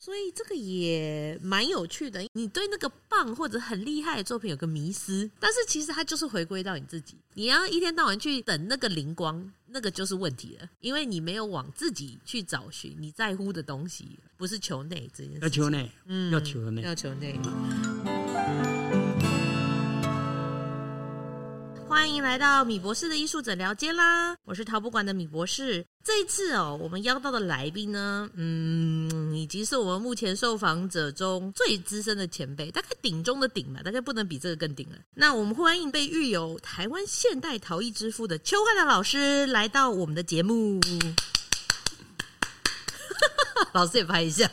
所以這個也蠻有趣的。你對那個棒或者很厲害的作品有個迷思，但是其實它就是回歸到你自己。你要一天到晚去等那個靈光，那個就是問題了，因為你沒有往自己去找尋你在乎的東西，不是求內這件事。要求內，嗯，要求內，要求內。歡迎來到米博士的藝術診聊間啦！我是陶博館的米博士。這一次哦，我們邀到的來賓呢，嗯，已經是我們目前受訪者中最資深的前輩，大概頂中的頂嘛，大家不能比這個更頂了。那我們歡迎被譽為台灣現代陶藝之父的邱煥堂老師來到我們的節目。老師也拍一下，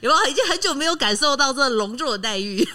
有沒有？已經很久沒有感受到這隆重的待遇。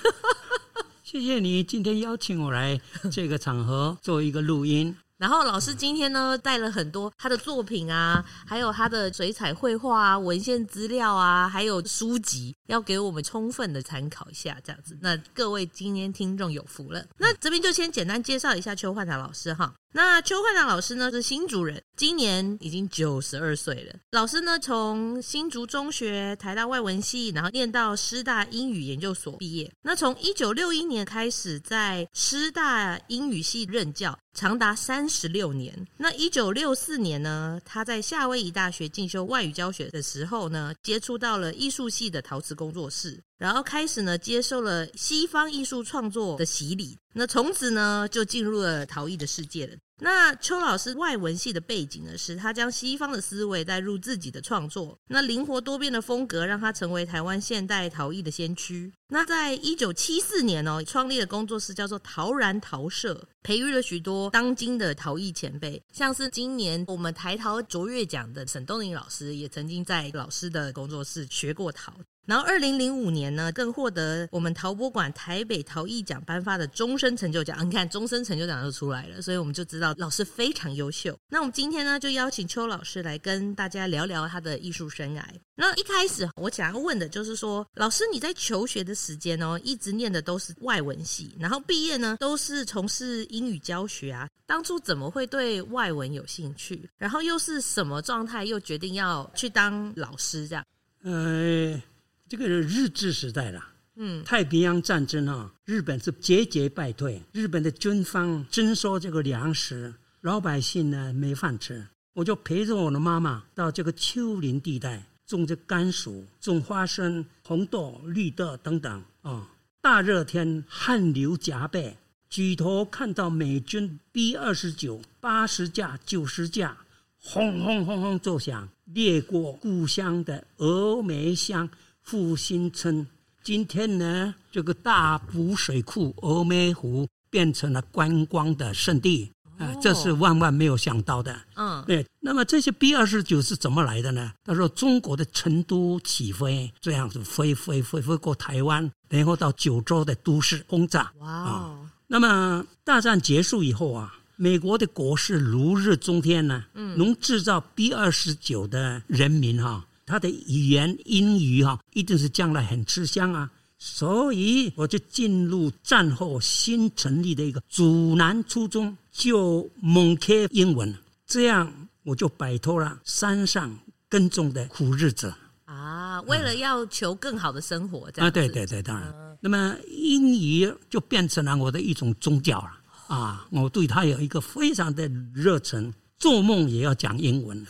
謝謝你今天邀請我來這個場合做一個錄音。然後老師今天呢帶了很多他的作品啊，還有他的水彩繪畫啊、文獻資料啊，還有書籍，要給我們充分的參考一下，這樣子。那各位今天聽眾有福了。那這邊就先簡單介紹一下邱煥堂老師哈。那邱煥堂老師呢是新竹人，今年已經九十二歲了。老師呢從新竹中學台大外文系，然後念到師大英語研究所畢業。那從一九六一年開始在師大英語系任教，長達三十六年。那一九六四年呢，他在夏威夷大學進修外語教學的時候呢，接觸到了藝術系的陶瓷工作室。然後開始呢，接受了西方藝術創作的洗禮。那從此呢，就進入了陶藝的世界了。那邱老師外文系的背景呢，是他將西方的思維帶入自己的創作。那靈活多變的風格，讓他成為台灣現代陶藝的先驅。那在一九七四年哦，創立的工作室叫做陶然陶舍，培育了許多當今的陶藝前輩，像是今年我們台陶卓越獎的沈東林老師，也曾經在老師的工作室學過陶。然後，二零零五年呢，更獲得我們陶博館台北陶藝獎頒發的終身成就獎。啊，你看，終身成就獎就出來了，所以我們就知道老師非常優秀。那我們今天呢，就邀請邱老師來跟大家聊聊他的藝術生涯。那一開始我想要問的就是說，老師你在求學的時間哦，一直念的都是外文系，然後畢業呢都是從事英語教學啊。當初怎麼會對外文有興趣？然後又是什麼狀態又決定要去當老師這樣？哎。這個是日治時代了，嗯，太平洋戰爭啊，日本是節節敗退。日本的軍方徵收這個糧食，老百姓呢沒飯吃。我就陪着我的媽媽到這個丘陵地帶種着甘薯、種花生、紅豆、綠豆等等啊、哦。大熱天汗流浹背，舉頭看到美軍 B 二十九、八十架、九十架，轟轟轟轟轟作響，掠過故鄉的峨眉鄉，復興村，今天呢，這個大埔水庫、峨眉湖變成了觀光的勝地啊，oh. 這是萬萬沒有想到的。嗯，oh. 對。那麼這些 B 二十九是怎麼來的呢？他說，中國的成都起飛，這樣子飛飛飛飛過台灣，然後到九州的都市轟炸。哇 Wow.、嗯！那麼大戰結束以後啊，美國的國勢如日中天呢。嗯，能制造 B 二十九的人民哈、啊。他的語言英語哈，一定是將來很吃香啊！所以我就進入戰後新成立的一個竹南初中，就猛 K 英文，這樣我就擺脫了山上耕種的苦日子啊！為了要求更好的生活，這樣啊、對對對，當然，啊、那麼英語就變成了我的一種宗教了啊！我對它有一個非常的熱忱。做夢也要講英文嘛、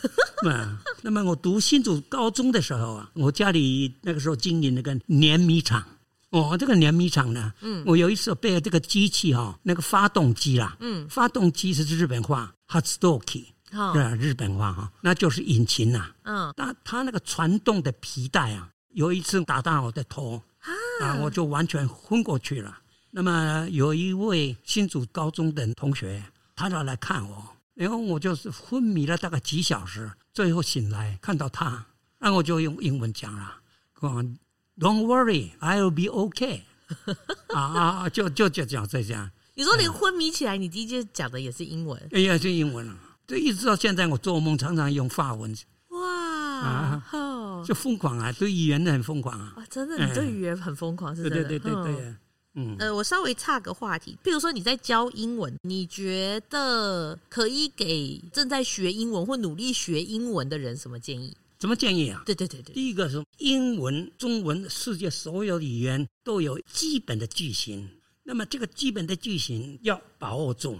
嗯？那麼我讀新竹高中的時候啊，我家裡那個時候經營那個碾米廠哦，這個碾米廠呢，嗯，我有一次被這個機器哈、哦，那個發動機啦、啊，嗯，發動機是日本話，hot stock，、哦、是、啊、日本話哈、啊，那就是引擎吶、啊，嗯、哦，那它那個傳動的皮帶啊，有一次打到我的頭哈啊，我就完全昏過去了。那麼有一位新竹高中的同學，他就來看我。然後我就是昏迷了大概幾小時，最後醒來看到他，那我就用英文講了：“Don't worry, I'll be OK。”啊 啊，就就就講這樣。你說你昏迷起來，嗯、你第一句講的也是英文？哎呀，是英文了、啊。就一直到現在，我做夢常常用法文。哇！啊，就瘋狂啊！對語言很瘋狂啊！啊真的，你對語言很瘋狂，嗯、是真的。對，對對對對。哦嗯、呃，我稍微岔個話題，譬如說你在教英文，你覺得可以給正在學英文或努力學英文的人什麼建議？什麼建議啊？對對對對，第一個是英文、中文、世界所有語言都有基本的句型，那麼這個基本的句型要把握住，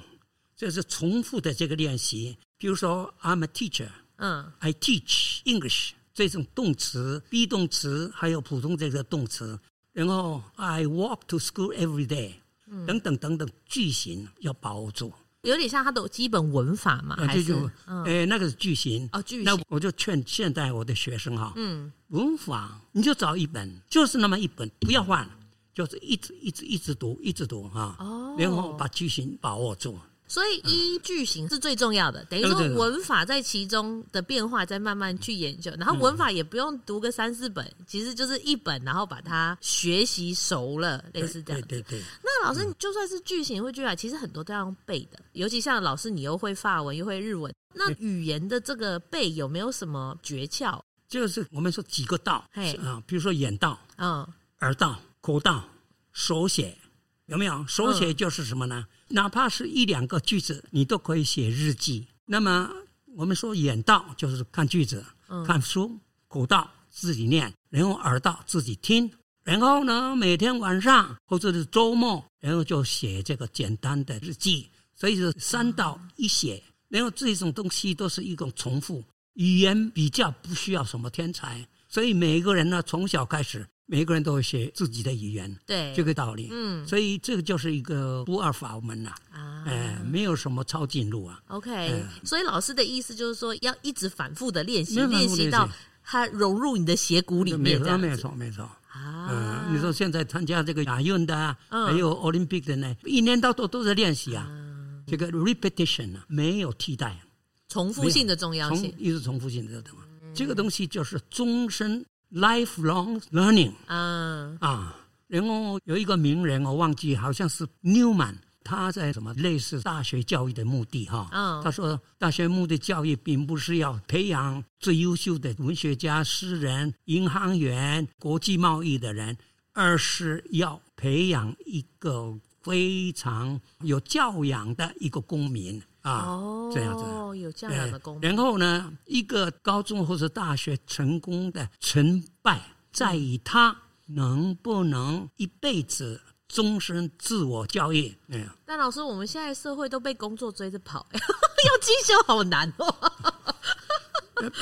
這是重複的這個練習。比如說，I'm a teacher，嗯，I teach English，這種動詞、be 動詞還有普通這個動詞。然後 I walk to school every day，等等、嗯、等等，句型要把握住，有點像他的基本文法嘛？啊、還是？誒，那個是句型。啊、哦，句型。那我就勸現在我的學生哈，嗯，文法你就找一本，就是那麼一本，不要換，就是一直一直一直讀，一直讀哈。哦。然後把句型把握住。所以，一句型是最重要的，等於說文法在其中的變化再慢慢去研究，然後文法也不用讀個三四本，其實就是一本，然後把它學習熟了，類似這樣的對。對對對。對那老師，你就算是句型會句法，其實很多都要用背的，尤其像老師，你又會法文又會日文，那語言的這個背有沒有什麼訣竅？就是我們說幾個道，啊嘿，比如說眼道、嗯、耳道、口道、手寫，有沒有？手寫就是什麼呢？嗯哪怕是一兩個句子，你都可以寫日記。那麼我們說眼到就是看句子，看書；口到自己念，然後耳到自己聽。然後呢，每天晚上或者是周末，然後就寫這個簡單的日記。所以是三到一寫，然後這種東西都是一種重複。語言比較不需要什麼天才，所以每一個人呢，從小開始。每個人都會寫自己的語言，對，這個道理。嗯，所以這個就是一個不二法門吶。啊，哎，沒有什麼抄近路啊。OK。所以老師的意思就是說，要一直反復的練習，練習到它融入你的血骨裡面，沒錯，沒錯。啊，你說現在參加這個亞運的，還有 Olympic 的呢，一年到頭都在練習啊。這個 repetition 啊，沒有替代，重復性的重要性，一直重復性的，這個東西就是終身，Lifelong learning 啊、uh, 啊，然後有一個名人我忘記，好像是 Newman，他在什麼類似大學教育的目的哈？哦 uh, 他說大學目的教育並不是要培養最優秀的文學家、詩人、銀行員、國際貿易的人，而是要培養一個非常有教養的一個公民。啊，這樣子，啊啊、有這樣的功能。然後呢，一個高中或者大學成功的成敗，在於他能不能一輩子終身自我教育。嗯啊、但老師，我們現在社會都被工作追着跑， 要進修好難哦。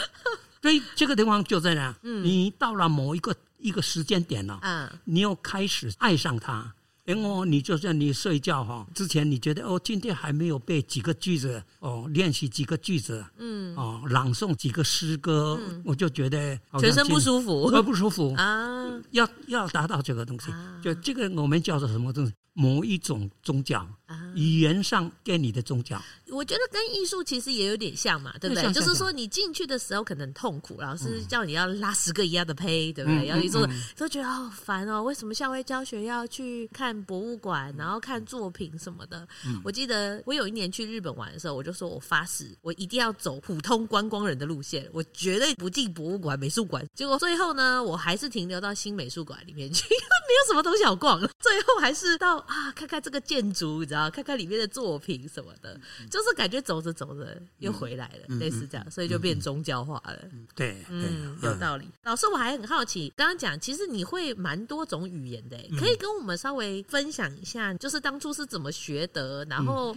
所以這個地方就在哪？嗯、你到了某一個一個時間點了、哦，嗯、你要開始愛上他。哎，我、欸、你就像你睡覺哈、哦，之前你覺得哦，今天還沒有背幾個句子，哦，練習幾個句子，嗯，哦，朗誦幾個詩歌，嗯、我就覺得全身不舒服，不舒服啊，要要達到這個東西，啊、就這個我們叫做什麼東西？某一種宗教，啊、語言上跟你的宗教，我覺得跟藝術其實也有點像嘛，對不對？就是說你進去的時候可能痛苦，老師叫你要拉十個一樣的胚，嗯、對不對？嗯嗯嗯、然後你說都覺得好、哦、煩哦，為什麼校外教學要去看博物館，然後看作品什麼的？嗯、我記得我有一年去日本玩的時候，我就說我發誓，我一定要走普通觀光人的路線，我絕對不進博物館、美術館。結果最後呢，我還是停留到新美術館裡面去，沒有什麼東西好逛，最後還是到。啊，看看這個建築，你知道？看看裡面的作品什麼的，嗯、就是感覺走着走着又回來了，嗯、類似這樣，所以就變宗教化了。嗯嗯、對，對嗯，有道理。嗯、老師，我還很好奇，剛剛講，其實你會蠻多種語言的，可以跟我們稍微分享一下，就是當初是怎麼學的？然後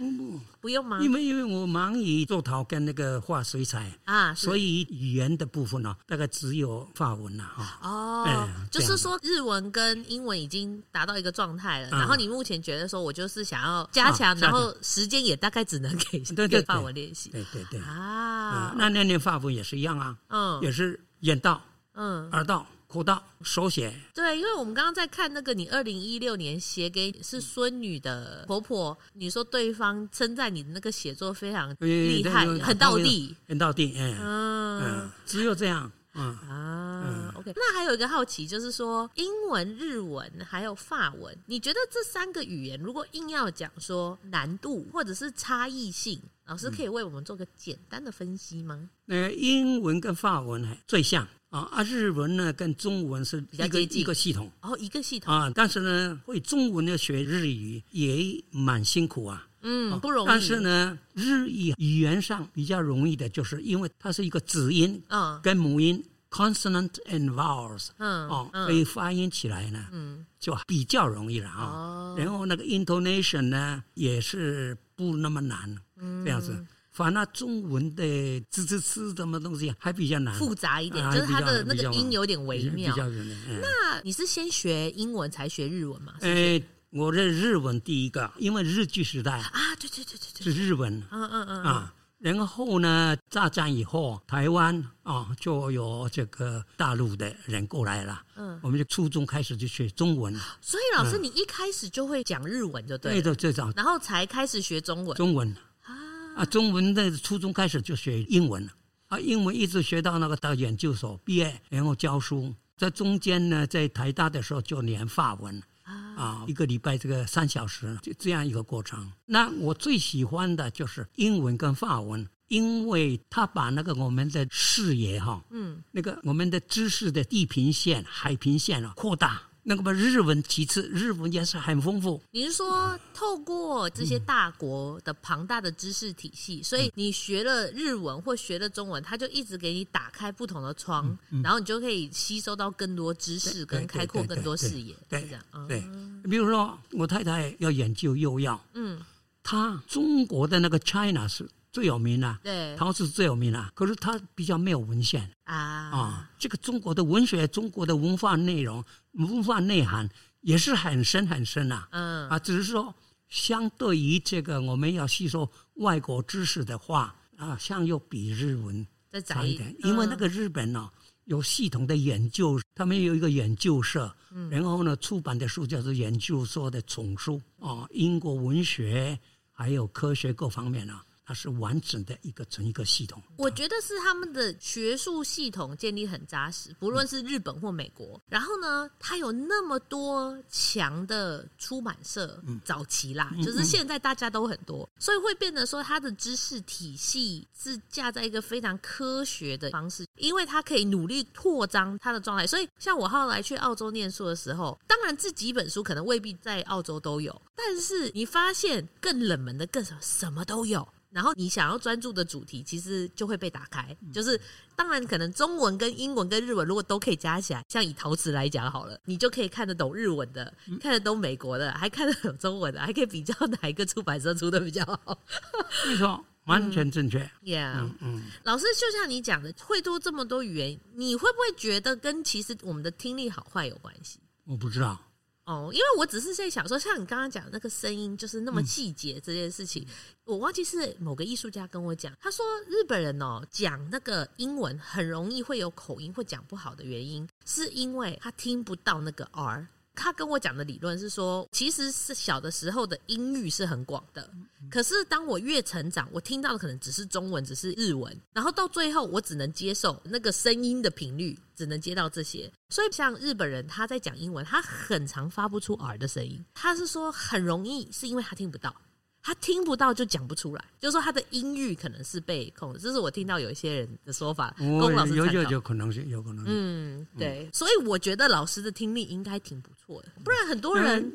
不用嗎？因為、嗯嗯嗯、因為我忙於做陶跟那個畫水彩啊，所以語言的部分呢、哦，大概只有法文了哦，哦嗯、就是說日文跟英文已經達到一個狀態了，然後你。目前覺得說，我就是想要加強，啊、然後時間也大概只能給對法對文練習，對對對，對啊，嗯、那練練法文也是一樣啊，嗯，也是眼到，嗯，耳到，口到，手寫。對，因為我們剛剛在看那個你二零一六年寫給是孫女的婆婆，你說對方稱讚你的那個寫作非常厲害，嗯嗯、很道地，很道地，嗯，嗯，嗯，只有這樣。嗯、啊、嗯、OK，那還有一個好奇就是說，英文、日文還有法文，你覺得這三個語言如果硬要講說難度或者是差異性，老師可以為我們做個簡單的分析嗎？嗯、那英文跟法文還最像啊，日文呢跟中文是一個比較接近一個系統，哦，一個系統啊，但是呢，會中文的學日語也蠻辛苦啊。嗯，不容易。但是呢，日語語言上比較容易的，就是因為它是一個子音，嗯，跟母音 （consonant and vowels），嗯，哦、嗯，嗯、所以發音起來呢，嗯，就比較容易了啊。哦、然後那個 intonation 呢，也是不那麼難，嗯、這樣子。反而中文的“吃吃吃”什麼東西還比較難，複雜一點，啊、就是它的那個音有點微妙。比較容易。嗯、那你是先學英文才學日文嗎？誒。欸我認日文第一個，因為日據時代啊，對對對對對，是日文，嗯嗯嗯，嗯嗯啊，然後呢，大戰以後，台灣啊，就有這個大陸的人過來了，嗯，我們就初中開始就學中文，所以老師、嗯、你一開始就會講日文就對了。對，就對，對對對，然後才開始學中文，中文啊、啊，中文在初中開始就學英文啊，英文一直學到那個到研究所畢業，然後教書，在中間呢，在台大的時候就念法文。啊，一個禮拜這個三小時，就這樣一個過程。那我最喜歡的就是英文跟法文，因為他把那個我們的視野哈、啊，嗯，那個我們的知識的地平線、海平線啊擴大。那個日文其次，日文也是很豐富。你是說透過這些大國的龐大的知識體系，嗯、所以你學了日文或學了中文，他就一直給你打開不同的窗，嗯嗯、然後你就可以吸收到更多知識，跟對開闊更多視野。對，對，對，對，對是這樣啊？對。比如說我太太要研究醫藥，嗯，他中國的那個 China 是。最有名的、啊，對，唐詩最有名的、啊，可是它比較沒有文獻啊啊！這個中國的文學、中國的文化內容、文化內涵也是很深很深啊。嗯啊，只是說，相對於這個我們要吸收外國知識的話啊，像又比日文再窄一點，嗯、因為那個日本呢、啊、有系統的研究，他們有一個研究社，然後呢出版的書叫做研究所的叢書、嗯、啊，英國文學還有科學各方面啊。它是完整的一個整一個系統。我覺得是他們的學術系統建立很扎實，不論是日本或美國。嗯、然後呢，它有那麼多強的出版社，嗯、早期啦，就是現在大家都很多，嗯嗯，所以會變得說它的知識體系是架在一個非常科學的方式，因為它可以努力擴張它的狀態。所以，像我後來去澳洲念書的時候，當然這幾本書可能未必在澳洲都有，但是你發現更冷門的、更什麼、什麼都有。然後你想要專注的主題，其實就會被打開。就是當然，可能中文跟英文跟日文如果都可以加起來，像以陶瓷來講好了，你就可以看得懂日文的，嗯、看得懂美國的，還看得懂中文的，還可以比較哪一個出版社出的比較好。你說、 嗯、完全正確。Yeah，嗯，嗯，老師就像你講的，會多這麼多語言，你會不會覺得跟其實我們的聽力好壞有關係？我不知道。哦，因為我只是在想說，像你剛剛講的那個聲音就是那麼細節這件事情，嗯、我忘記是某個藝術家跟我講，他說日本人哦講那個英文，很容易會有口音、會講不好的原因，是因為他聽不到那個 R。他跟我講的理論是說，其實是小的時候的音域是很廣的，可是當我越成長，我聽到的可能只是中文，只是日文，然後到最後我只能接受那個聲音的頻率，只能接到這些。所以像日本人他在講英文，他很常發不出 r 的聲音，他是說很容易是因為他聽不到。他聽不到就講不出來，就是說他的音域可能是被控制，這是我聽到有一些人的說法，跟老師有有有，有可能性，有可能。嗯，對，嗯，所以我覺得老師的聽力應該挺不錯的，不然很多人。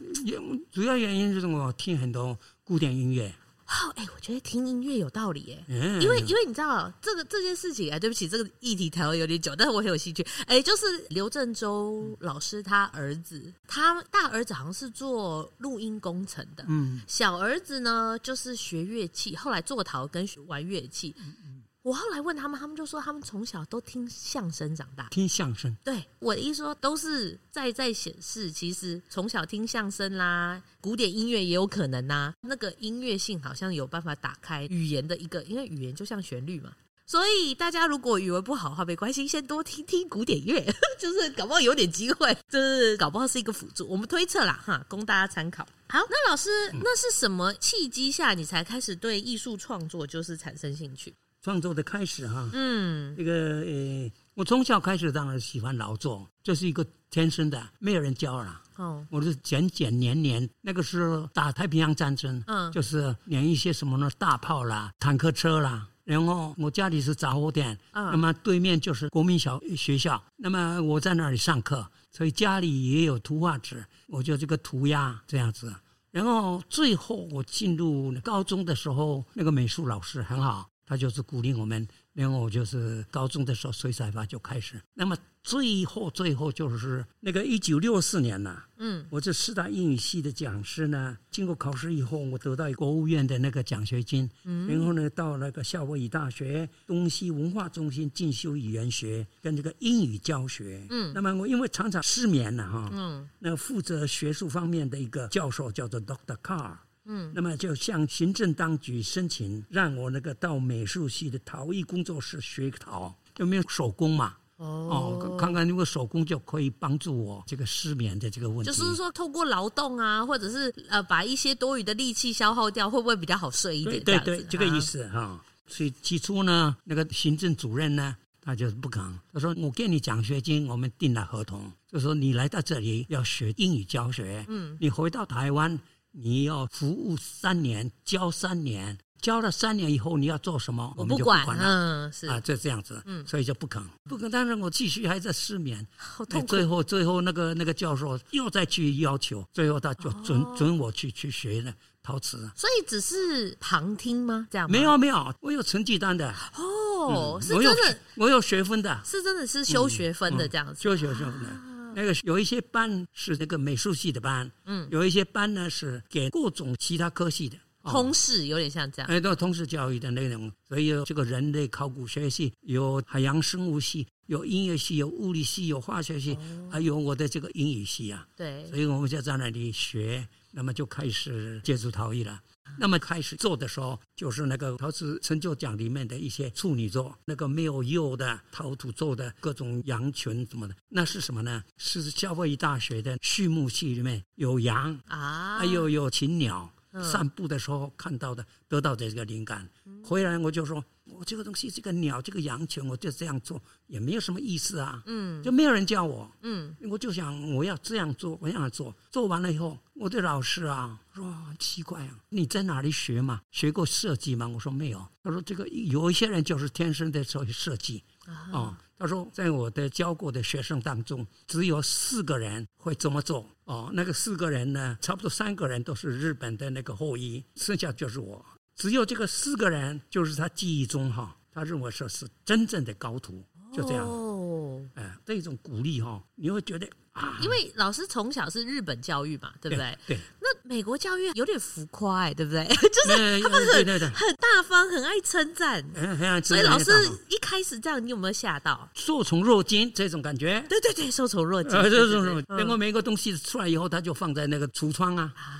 主要原因就是我聽很多古典音樂。哦，哎、欸，我覺得聽音樂有道理耶、欸，yeah, 因為因為你知道這個這件事情啊，對不起，這個議題談了有點久，但是我很有興趣。哎、欸，就是劉鎮洲老師他兒子，嗯、他大兒子好像是做錄音工程的，嗯，小兒子呢就是學樂器，後來做陶跟學玩樂器。嗯我後來問他們，他們就說他們從小都聽相聲長大，聽相聲。對，我的意思說，都是在在顯示，其實從小聽相聲啦，古典音樂也有可能吶、啊。那個音樂性好像有辦法打開語言的一個，因為語言就像旋律嘛。所以大家如果語文不好的話，沒關係，先多聽聽古典樂呵呵，就是搞不好有點機會，就是搞不好是一個輔助。我們推測啦，哈，供大家參考。好，那老師，是那是什麼契機下你才開始對藝術創作就是產生興趣？創作的開始哈，嗯，這個呃，我從小開始當然喜歡勞作，這，就是一個天生的，沒有人教了。哦，我是剪剪粘粘，那個時候打太平洋戰爭，嗯，就是連一些什麼呢，大炮啦、坦克車啦。然後我家裡是雜貨店，啊、嗯，那麼對面就是國民小學校，那麼我在那裡上課，所以家裡也有圖畫紙，我就這個塗鴉這樣子。然後最後我進入高中的時候，那個美術老師很好。嗯他就是鼓勵我們，然後就是高中的時候，水彩畫就開始。那麼最後，最後就是那個一九六四年呢、啊，嗯，我這四大英語系的講師呢，經過考試以後，我得到一國務院的那個獎學金，嗯，然後呢，到那個夏威夷大學東西文化中心進修語言學跟這個英語教學，嗯，那麼我因為常常失眠了，啊、哈，嗯，那負責學術方面的一個教授叫做 Doctor Carr 嗯，那麼就向行政當局申請，讓我那個到美術系的陶藝工作室學陶，有為沒有手工嘛。哦，哦，看看如果手工就可以幫助我這個失眠的這個問題。就是說，通過勞動啊，或者是呃，把一些多餘的力氣消耗掉，會不會比較好睡一點？對？對對對，啊、這個意思哈。所以起初呢，那個行政主任呢，他就是不肯，他說：“我給你獎學金，我們訂了合同，就說你來到這裡要學英語教學，嗯，你回到台灣。”你要服務三年，教三年，教了三年以後你要做什麼？我不管了，嗯，是啊，就這樣子，嗯，所以就不肯，不肯。但是我繼續還在失眠，好痛苦，最後，最後那個那個教授又再去要求，最後他就准准我去去學了陶瓷。所以只是旁聽嗎？這樣？沒有沒有，我有成績單的，哦，是真的，我有學分的，是真的是修學分的這樣子，修學分的。那個有一些班是那個美術系的班，嗯，有一些班呢是給各種其他科系的通識，嗯、通識有點像這樣，都是通識教育的內容。所以這個人類考古學系、有海洋生物系，有音樂系，有物理系，有化學系，哦、還有我的這個英語系啊，對，所以我們就在，在那裡學，那麼就開始接觸陶藝了。那麼開始做的時候，就是那個陶瓷成就獎裡面的一些處女作，那個沒有釉的陶土做的各種羊群什麼的。那是什麼呢？是夏威夷大學的畜牧系裡面有羊啊，還有有禽鳥，是散步的時候看到的，得到的這個靈感，回來我就說。嗯我這個東西，這個鳥，這個羊群，我就這樣做，也沒有什麼意思啊。嗯，就沒有人教我。嗯，我就想我要這樣做，我想做，做完了以後，我的老師啊說奇怪啊，你在哪裡學嘛？學過設計嗎？我說沒有。他說這個有一些人就是天生的所以設計啊、uh huh. 哦。他說在我的教過的學生當中，只有四個人會這麼做。哦，那個四個人呢，差不多三個人都是日本的那個後裔，剩下就是我。只有這個四個人，就是他記憶中哈，他認為說是真正的高徒，就這樣。哎，這種鼓勵哈，你會覺得啊，因為老師從小是日本教育嘛，對不對？對。對那美國教育有點浮誇，對不對？就是他們很對對對對很大方，很愛稱讚。嗯、哎，很愛稱讚。所以老師一開始這樣，你有沒有嚇到？受寵若驚這種感覺。對對對，受寵若驚。這種什麼？嗯、然後每個東西出來以後，他就放在那個櫥窗啊。啊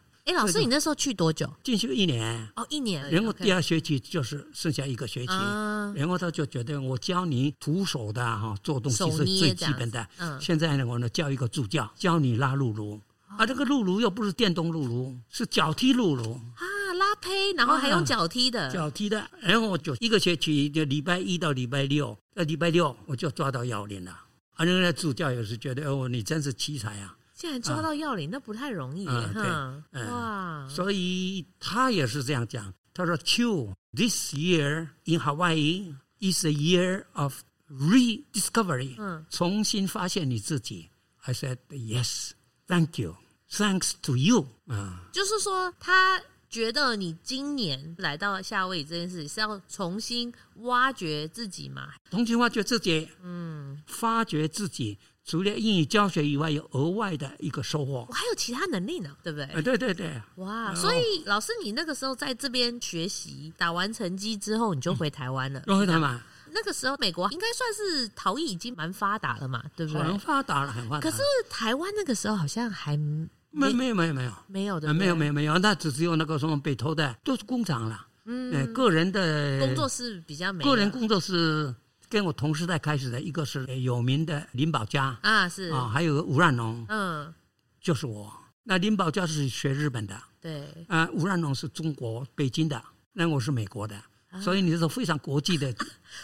哎，老師，你那時候去多久？進修一年哦，一年。然後第二學期就是剩下一個學期。啊、然後他就覺得我教你徒手的哈做東西是最基本的。嗯、現在呢，我呢叫一個助教教你拉轆轤、哦、啊，這個轆轤又不是電動轆轤，是腳踢轆轤啊，拉胚，然後還用腳踢的，啊、腳踢的。然後我就一個學期就禮拜一到禮拜六，呃，禮拜六我就抓到要領了。啊，那個助教也是覺得哦，你真是奇才啊。竟然抓到要領，啊、那不太容易哈！哇，所以他也是這樣講。他說 t this year in Hawaii is a year of rediscovery，、嗯、重新發現你自己。” I said yes, thank you, thanks to you。嗯，就是說他覺得你今年來到夏威夷這件事是要重新挖掘自己嗎？重新挖掘自己，嗯，發掘自己。除了英語教學以外，有額外的一個收穫。我還有其他能力呢，對不對？對對對。哇，所以、哦、老師，你那個時候在這邊學習，打完成績之後你就回台灣了。回台灣。那，嗎那個時候，美國應該算是陶藝已經蠻發達了嘛，對不對？蠻發達了，很發達了。可是台灣那個時候好像還沒沒有沒有沒有沒有的，沒有沒有，沒有，沒，有沒有，那只是有那個什麼北投的，都、就是工廠了。嗯，個人的工作室比較美，個人工作室。跟我同時代開始的一個是有名的林保家啊，是啊、哦，還有吳讓農，嗯，就是我。那林保家是學日本的，對啊，吳讓農是中國北京的，那我是美國的。啊、所以你是非常國際的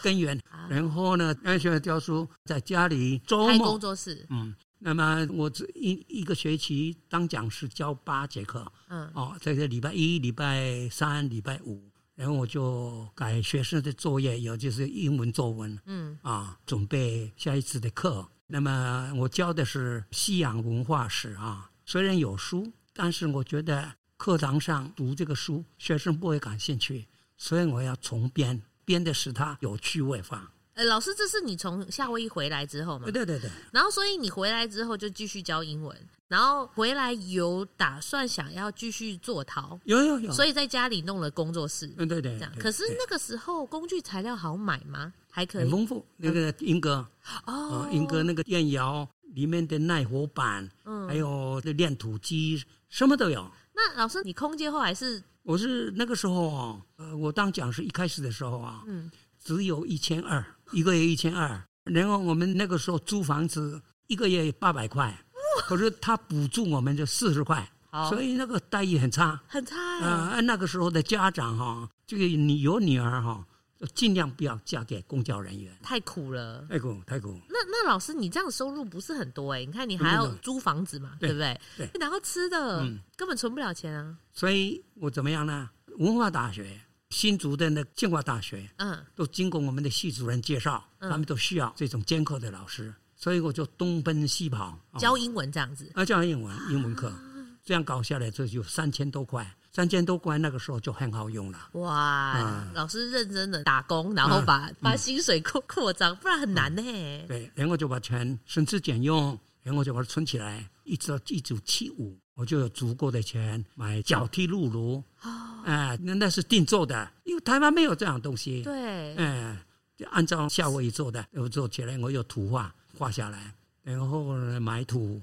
根源。啊、然後呢，學校教書，在家裡週末工作室。嗯，那麼我這一一個學期當講師教八節課。嗯哦，這個禮拜一、禮拜三、禮拜五。然後我就改學生的作業，尤其是英文作文，嗯，啊，準備下一次的課。那麼我教的是西洋文化史啊，雖然有書，但是我覺得課堂上讀這個書，學生不會感興趣，所以我要重編，編得使它有趣味化。呃，老師，這是你從夏威夷回來之後嗎？對對對。然後，所以你回來之後就繼續教英文。然後回來有打算想要繼續做陶，有有有，所以在家裡弄了工作室。嗯，對對，這樣。可是那個時候工具材料好買嗎？還可以，很豐富。那個英哥哦，英哥那個電窯裡面的耐火板，嗯，還有那練土機，什麼都有。那老師，你空間後來是？我是那個時候啊，呃，我當講師一開始的時候啊，嗯，只有一千二，一個月一千二。然後我們那個時候租房子，一個月八百塊。可是他補助我們就四十塊，oh、所以那個待遇很差，很差、啊。嗯、呃，那個時候的家長哈、哦，這個你有女兒哈、哦，就盡量不要嫁給公教人員，太苦了，太苦，太苦。那那老師，你這樣收入不是很多哎，你看你還要租房子嘛，對，對不對？對，對，然後吃的、嗯、根本存不了錢啊。所以我怎麼樣呢？文化大學、新竹的那清華大學，嗯，都經過我們的系主任介紹，嗯、他們都需要這種兼課的老師。所以我就東奔西跑教英文這樣子，啊、嗯、教英文英文課，啊、這樣搞下來就有三千多塊，三千多塊那個時候就很好用了。哇！嗯、老師認真的打工，然後把、嗯、把薪水擴擴張，不然很難嘞，欸嗯。對，然後就把錢省吃儉用，嗯、然後就把它存起來，一直到一九七五，我就有足夠的錢買腳踢轆轤。哦、啊，哎、嗯，那那是定做的，因為台灣沒有這樣的東西。對，哎、嗯，就按照夏威夷做的，我做起來我有圖畫。畫下來，然後呢買土，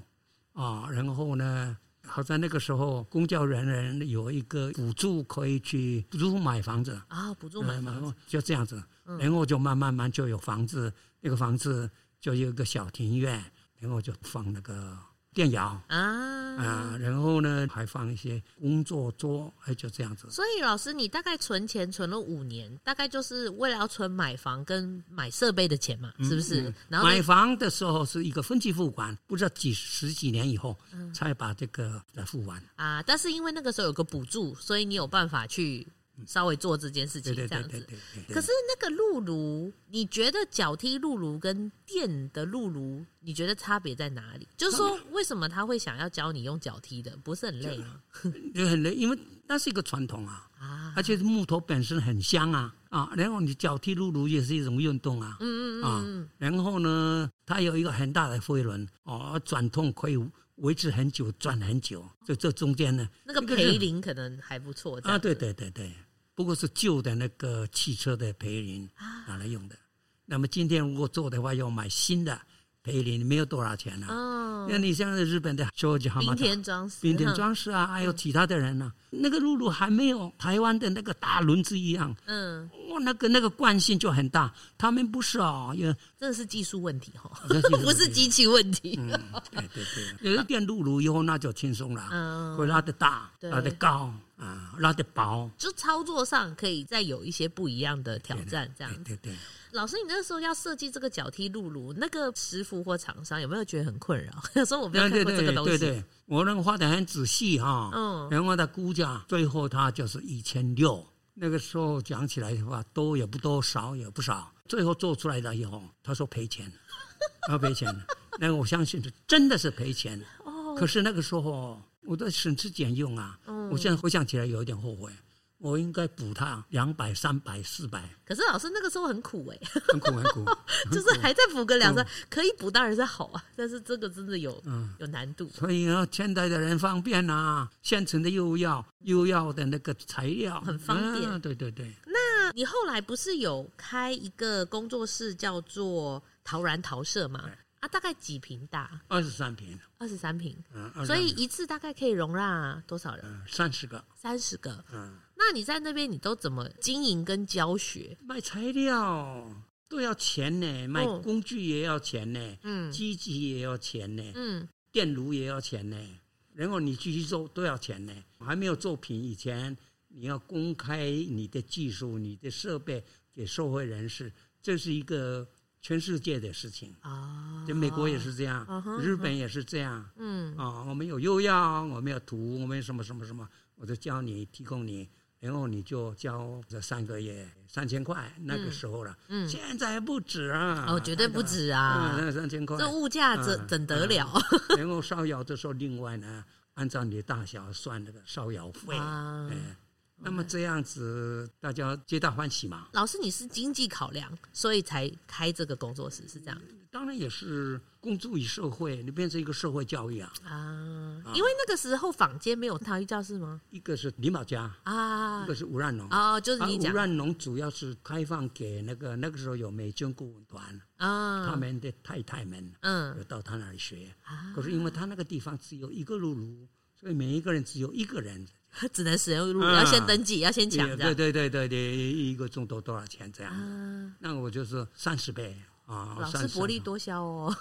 啊，然後呢，好在那個時候公教人員，有一個補助，可以去補助買房子啊，補助買房子，呃、就這樣子，嗯、然後就慢慢慢就有房子，那個房子就有一個小庭院，然後就放那個電窯啊，啊，然後。然後呢，還放一些工作桌，哎，就這樣子。所以老師，你大概存錢存了五年，大概就是為了要存買房跟買設備的錢嘛，是不是？買房的時候是一個分期付款，不知道幾十幾年以後、嗯、才把這個來付完啊。但是因為那個時候有個補助，所以你有辦法去。稍微做這件事情這樣子，可是那個轆轤，你覺得腳踢轆轤跟電的轆轤，你覺得差別在哪裡？就是說，為什麼他會想要教你用腳踢的，不是很累嗎、啊？呵呵也很累，因為那是一個傳統啊，啊，而且木頭本身很香啊，啊，然後你腳踢轆轤也是一種運動啊，嗯嗯嗯，然後呢，它有一個很大的飛輪哦，轉、啊、動可以維持很久，轉很久，就這中間呢，那個培林可能還不錯啊，對對對對。不過是舊的那個汽車的培林拿來用的，那麼今天如果做的話，要買新的。賠你，你沒有多少錢了、啊。嗯、哦，那你像日本的超級航母，冰天裝飾，啊，還、啊嗯啊、有其他的人呢、啊。那個轆轤還沒有台灣的那個大輪子一樣。嗯，哇、哦，那個那個慣性就很大。他們不是哦，也真的是技術問題哈、哦，是題哦、不是機器問題、哦。 嗯，對對對，有一點轆轤以後，那就輕鬆了，會、嗯、拉得大，拉得高，啊對、嗯，拉得薄，就操作上可以再有一些不一樣的挑戰，這樣對，對對，對老師，你那個時候要設計這個腳踢轆轤，那個師傅或廠商有沒有覺得很困擾？ 說我沒有時我不要看過這個東西。對對、對、對、對、對，我那個畫的很仔細哈、哦，然後他估價，最後他就是一千六。那個時候講起來的話，多也不多，少也不少。最後做出來了以後，他說賠錢，他賠錢。 那個我相信是真的是賠錢。哦。可是那個時候我都省吃儉用啊，嗯、我現在回想起來有一點後悔。我應該補他兩百、三百、四百。可是老師那個時候很苦哎，很苦很苦，就是還在補個兩三，可以補當然是好啊，但是這個真的有嗯有難度。所以啊，現代的人方便啊，現成的又要又要的那個材料，很方便。對對對。那你後來不是有開一個工作室叫做陶然陶社嗎？啊，大概幾坪大？二十三坪。二十三坪。嗯。所以一次大概可以容納多少人？三十個。三十個。嗯。那你在那邊你都怎麼經營跟教學？賣材料都要錢呢，賣工具也要錢呢，嗯，機器也要錢呢，嗯，電爐也要錢呢。嗯、然後你繼續做都要錢呢。還沒有作品以前，你要公開你的技術、你的設備給社會人士，這是一個全世界的事情啊。就、哦、美國也是這樣，哦、日本也是這樣，哦、嗯啊、哦，我們有釉料，我們有圖，我們有什麼什麼什麼，我都教你，提供你。然後你就交這三個月三千塊，那個時候了，現在不止啊！哦，絕對不止啊！那三千塊，這物價怎怎得了？然後燒窯的時候，另外呢，按照你的大小算那個燒窯費。哎，那麼這樣子，大家皆大歡喜嘛。老師，你是經濟考量，所以才開這個工作室，是這樣？當然也是。公諸於社會，你變成一個社會教育啊！啊，因為那個時候坊間沒有陶藝教室嗎？一個是林葆家，啊，一個是吳讓農哦，就是你講，吳讓農主要是開放給那個那個時候有美軍顧問團啊，他們的太太們嗯，到他那裡學。可是因為他那個地方只有一個轆轤，所以每一個人只有一個人，只能使用轆轤。要先登記，要先搶。對對對對對，一個鐘頭多少錢這樣？那我就是三十倍。哦、老師薄利多銷哦，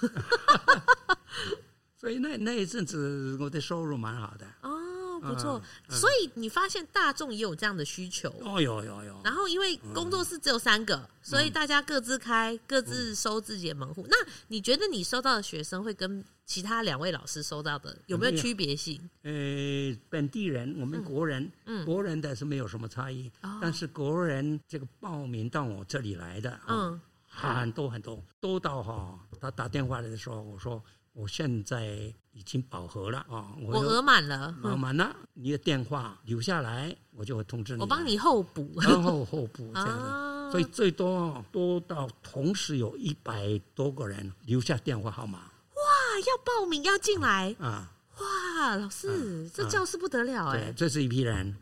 所以那那一陣子我的收入蠻好的哦，不錯。嗯、所以你發現大眾也有這樣的需求，哦有有有。然後因為工作室只有三個，嗯、所以大家各自開、嗯、各自收自己的門戶。那你覺得你收到的學生會跟其他兩位老師收到的有沒有區別性？呃，本地人，我們國人，嗯，嗯國人的是沒有什麼差異，哦、但是國人這個報名到我這裡來的，嗯。很多很多，多到哈，他打電話來的時候，我說我現在已經飽和了啊，我我額滿了，額滿了，你的電話留下來，我就會通知你，我幫你候補，然後候補這樣，所以最多多到同時有一百多個人留下電話號碼。哇，要報名要進來啊！啊哇，老師，啊、這教室不得了哎、欸，這是一批人，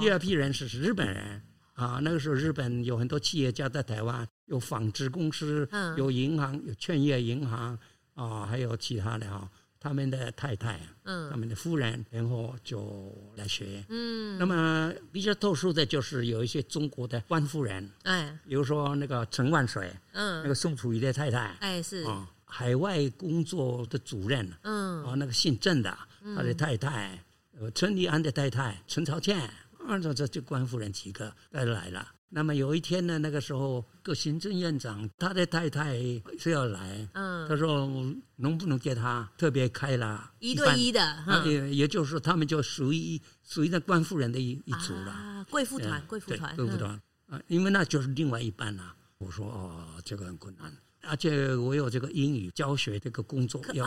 第二批人是日本人啊，那個時候日本有很多企業家在台灣。有紡織公司，有銀行，有勸業銀行啊、哦，還有其他的哈、哦，他們的太太，嗯、他們的夫人，然後就來學。嗯，那麼比較特殊的就是有一些中國的官夫人，哎，比如說那個陳萬水，嗯，那個宋楚瑜的太太，哎是，啊、嗯，海外工作的主任，嗯，啊那個姓鄭的，他的太太，呃、嗯，陳立安的太太，陳朝倩，啊這這這官夫人幾個帶來了。那麼有一天呢，那個時候，個行政院長他的太太是要來，嗯，他說我能不能給他特別開了，一對一的，哈，也就是他們就屬於屬於那官夫人的一一組了，啊，貴婦團，貴婦團，貴婦團，啊，因為那就是另外一半了，我說哦，這個很困難，而且我有這個英語教學這個工作要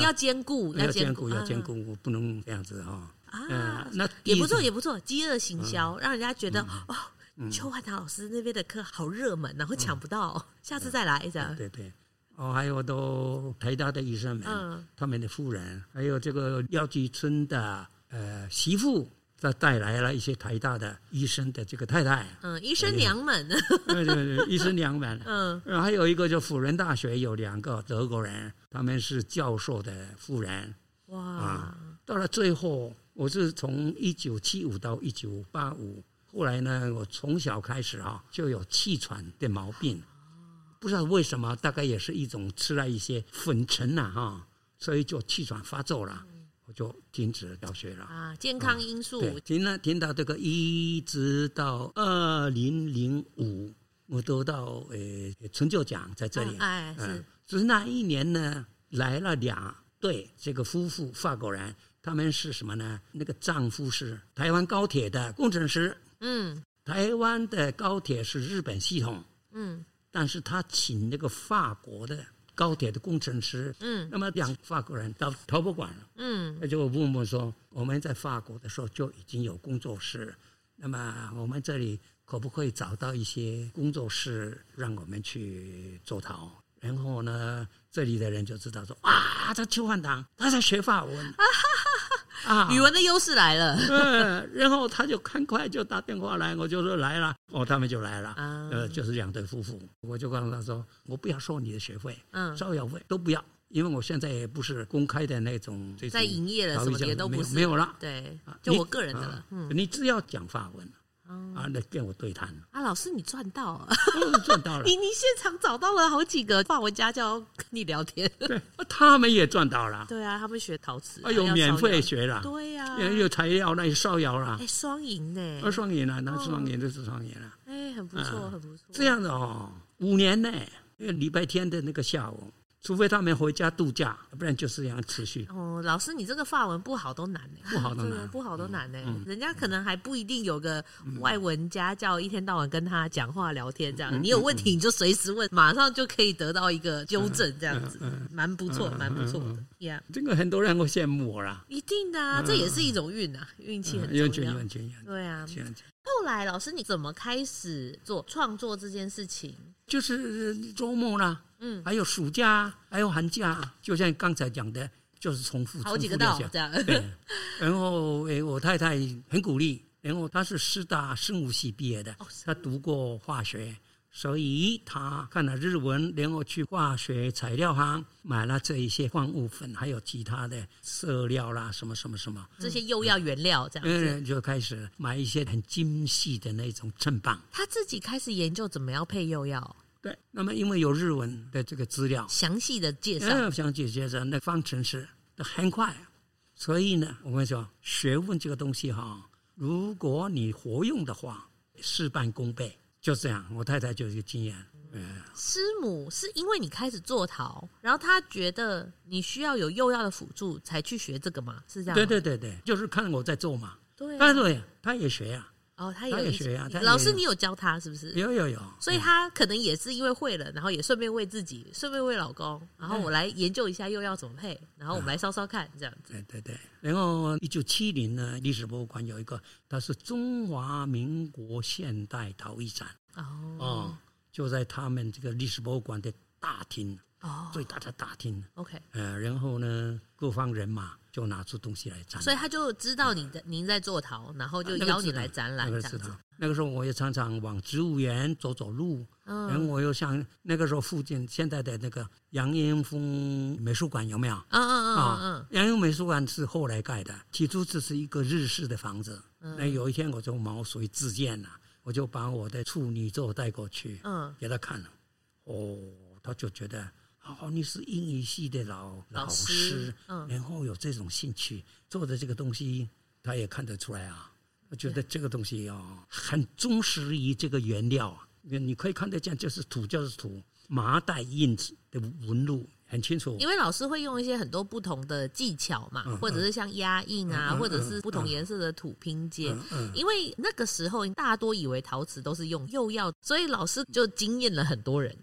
要兼顧，要兼顧，要兼顧，我不能這樣子哈。啊，那也不錯，也不錯，飢餓行銷，讓人家覺得哦。邱煥堂老師那邊的課好熱門，然後搶不到，哦，嗯、下次再來一下對對，哦，還有都台大的醫生們，嗯、他們的夫人，還有這個廖繼春的呃媳婦，再帶來了一些台大的醫生的這個太太，嗯，醫生娘們，對對對， 醫生娘們，嗯，還有一個就輔仁大學有兩個德國人，他們是教授的夫人，哇、嗯，到了最後，我是從一九七五到一九八五。後來呢，我從小開始哈就有氣喘的毛病，嗯、不知道為什麼，大概也是一種吃了一些粉塵吶、啊、哈，所以就氣喘發作了，嗯、我就停止教學了啊。健康因素，停了、嗯、停到這個，一直到二零零五，我得到呃成就獎在這裡，啊、哎，是。只、呃就是那一年呢，來了兩對這個夫婦法國人，他們是什麼呢？那個丈夫是台灣高鐵的工程師。嗯，台灣的高鐵是日本系統，嗯，但是他請那個法國的高鐵的工程師，嗯，那麼兩個法國人到陶博館，嗯，那就問問說，我們在法國的時候就已經有工作室，那麼我們這裡可不可以找到一些工作室讓我們去做陶哦？然後呢，這裡的人就知道說啊，這邱煥堂他在學法文。 啊，語文的優勢來了、啊。嗯，然後他就很快就打電話來，我就說來了，哦，他們就來了。啊、呃，就是兩對夫婦，我就告訴他說，說我不要收你的學費，嗯，招搖費都不要，因為我現在也不是公開的那種，這種，在營業了，什麼也都不是，沒有，沒有了，對，就我個人的了。啊、嗯，你只要講法文。Oh. 啊，那跟我對談啊，老師你賺到，賺到了， 你你現場找到了好幾個，法文家教跟你聊天，對，他們也賺到了，對啊，他們學陶瓷，哎呦、啊，有免費學了，對呀、啊，也有材料，那也燒窯了，哎，雙贏呢，哎、欸，雙贏啊，那雙贏，oh. 就是雙贏了，哎、欸，很不錯，啊、很不錯，這樣的哦，五年呢，那個禮拜天的那個下午。除非他們回家度假，不然就是這樣持續。哦，老師，你這個法文不好都難呢，不好都難，不好都難呢。人家可能還不一定有個外文家教，一天到晚跟他講話聊天這樣。你有問題你就隨時問，馬上就可以得到一個糾正，這樣子，蠻不錯，蠻不錯的。呀，這個很多人會羨慕我啦。一定的啊，這也是一種運啊，運氣很重要，運氣很重要。對啊。後來，老師你怎麼開始做創作這件事情？就是周末啦，嗯，還有暑假，還有寒假，就像剛才講的，就是重複，重複好幾個道這樣。對，然後誒、欸，我太太很鼓勵，然後她是師大生物系畢業的，他、哦、讀過化學，所以他看了日文，然後去化學材料行買了這一些礦物粉，還有其他的色料啦，什麼什麼什麼，這些釉藥原料這樣。嗯，就開始買一些很精細的那種秤棒，他自己開始研究怎麼樣配釉藥對，那麼因為有日文的這個資料，詳細的介紹，詳細的介紹那方程式很快，所以呢，我跟你說，學問這個東西哈，如果你活用的話，事半功倍，就這樣。我太太就有一個經驗，嗯，嗯，師母是因為你開始做陶，然後她覺得你需要有釉藥的輔助才去學這個嗎？是這樣？對對對對，就是看我在做嘛，對、啊，他也，她也學呀、啊。哦，他也有學呀。老師，你有教他是不是？有有有。有有所以他可能也是因為會了，然後也順便為自己，順便為老公，然後我來研究一下又要怎麼配，然後我們來燒燒看這樣子、啊。對對對。然後一九七零呢，歷史博物館有一個，它是中華民國現代陶藝展。哦，哦。就在他們這個歷史博物館的大廳。哦。最大的大廳、哦。OK。呃，然後呢，各方人馬。就拿出東西來展，所以他就知道您在您在做陶，然後就邀你來展覽，啊那個那個、那個時候，我也常常往植物園走走路，嗯、然後我又想，那個時候附近現在的那個楊英風美術館有沒有？啊啊啊啊！楊英美術館是後來蓋的，起初只是一個日式的房子。嗯嗯嗯，那有一天，我就毛遂自薦了，我就把我的處女作帶過去，嗯，給他看了，哦，他就覺得。哦，你是英語系的老老師，老師嗯、然後有這種興趣做的這個東西，他也看得出來啊。我覺得這個東西哦，很忠實於這個原料，啊你可以看得見，就是土就是土，麻袋印子的紋路很清楚。因為老師會用一些很多不同的技巧嘛，嗯嗯、或者是像壓印啊，嗯嗯嗯、或者是不同顏色的土拼接。嗯嗯嗯、因為那個時候大多以為陶瓷都是用釉藥，所以老師就驚艷了很多人。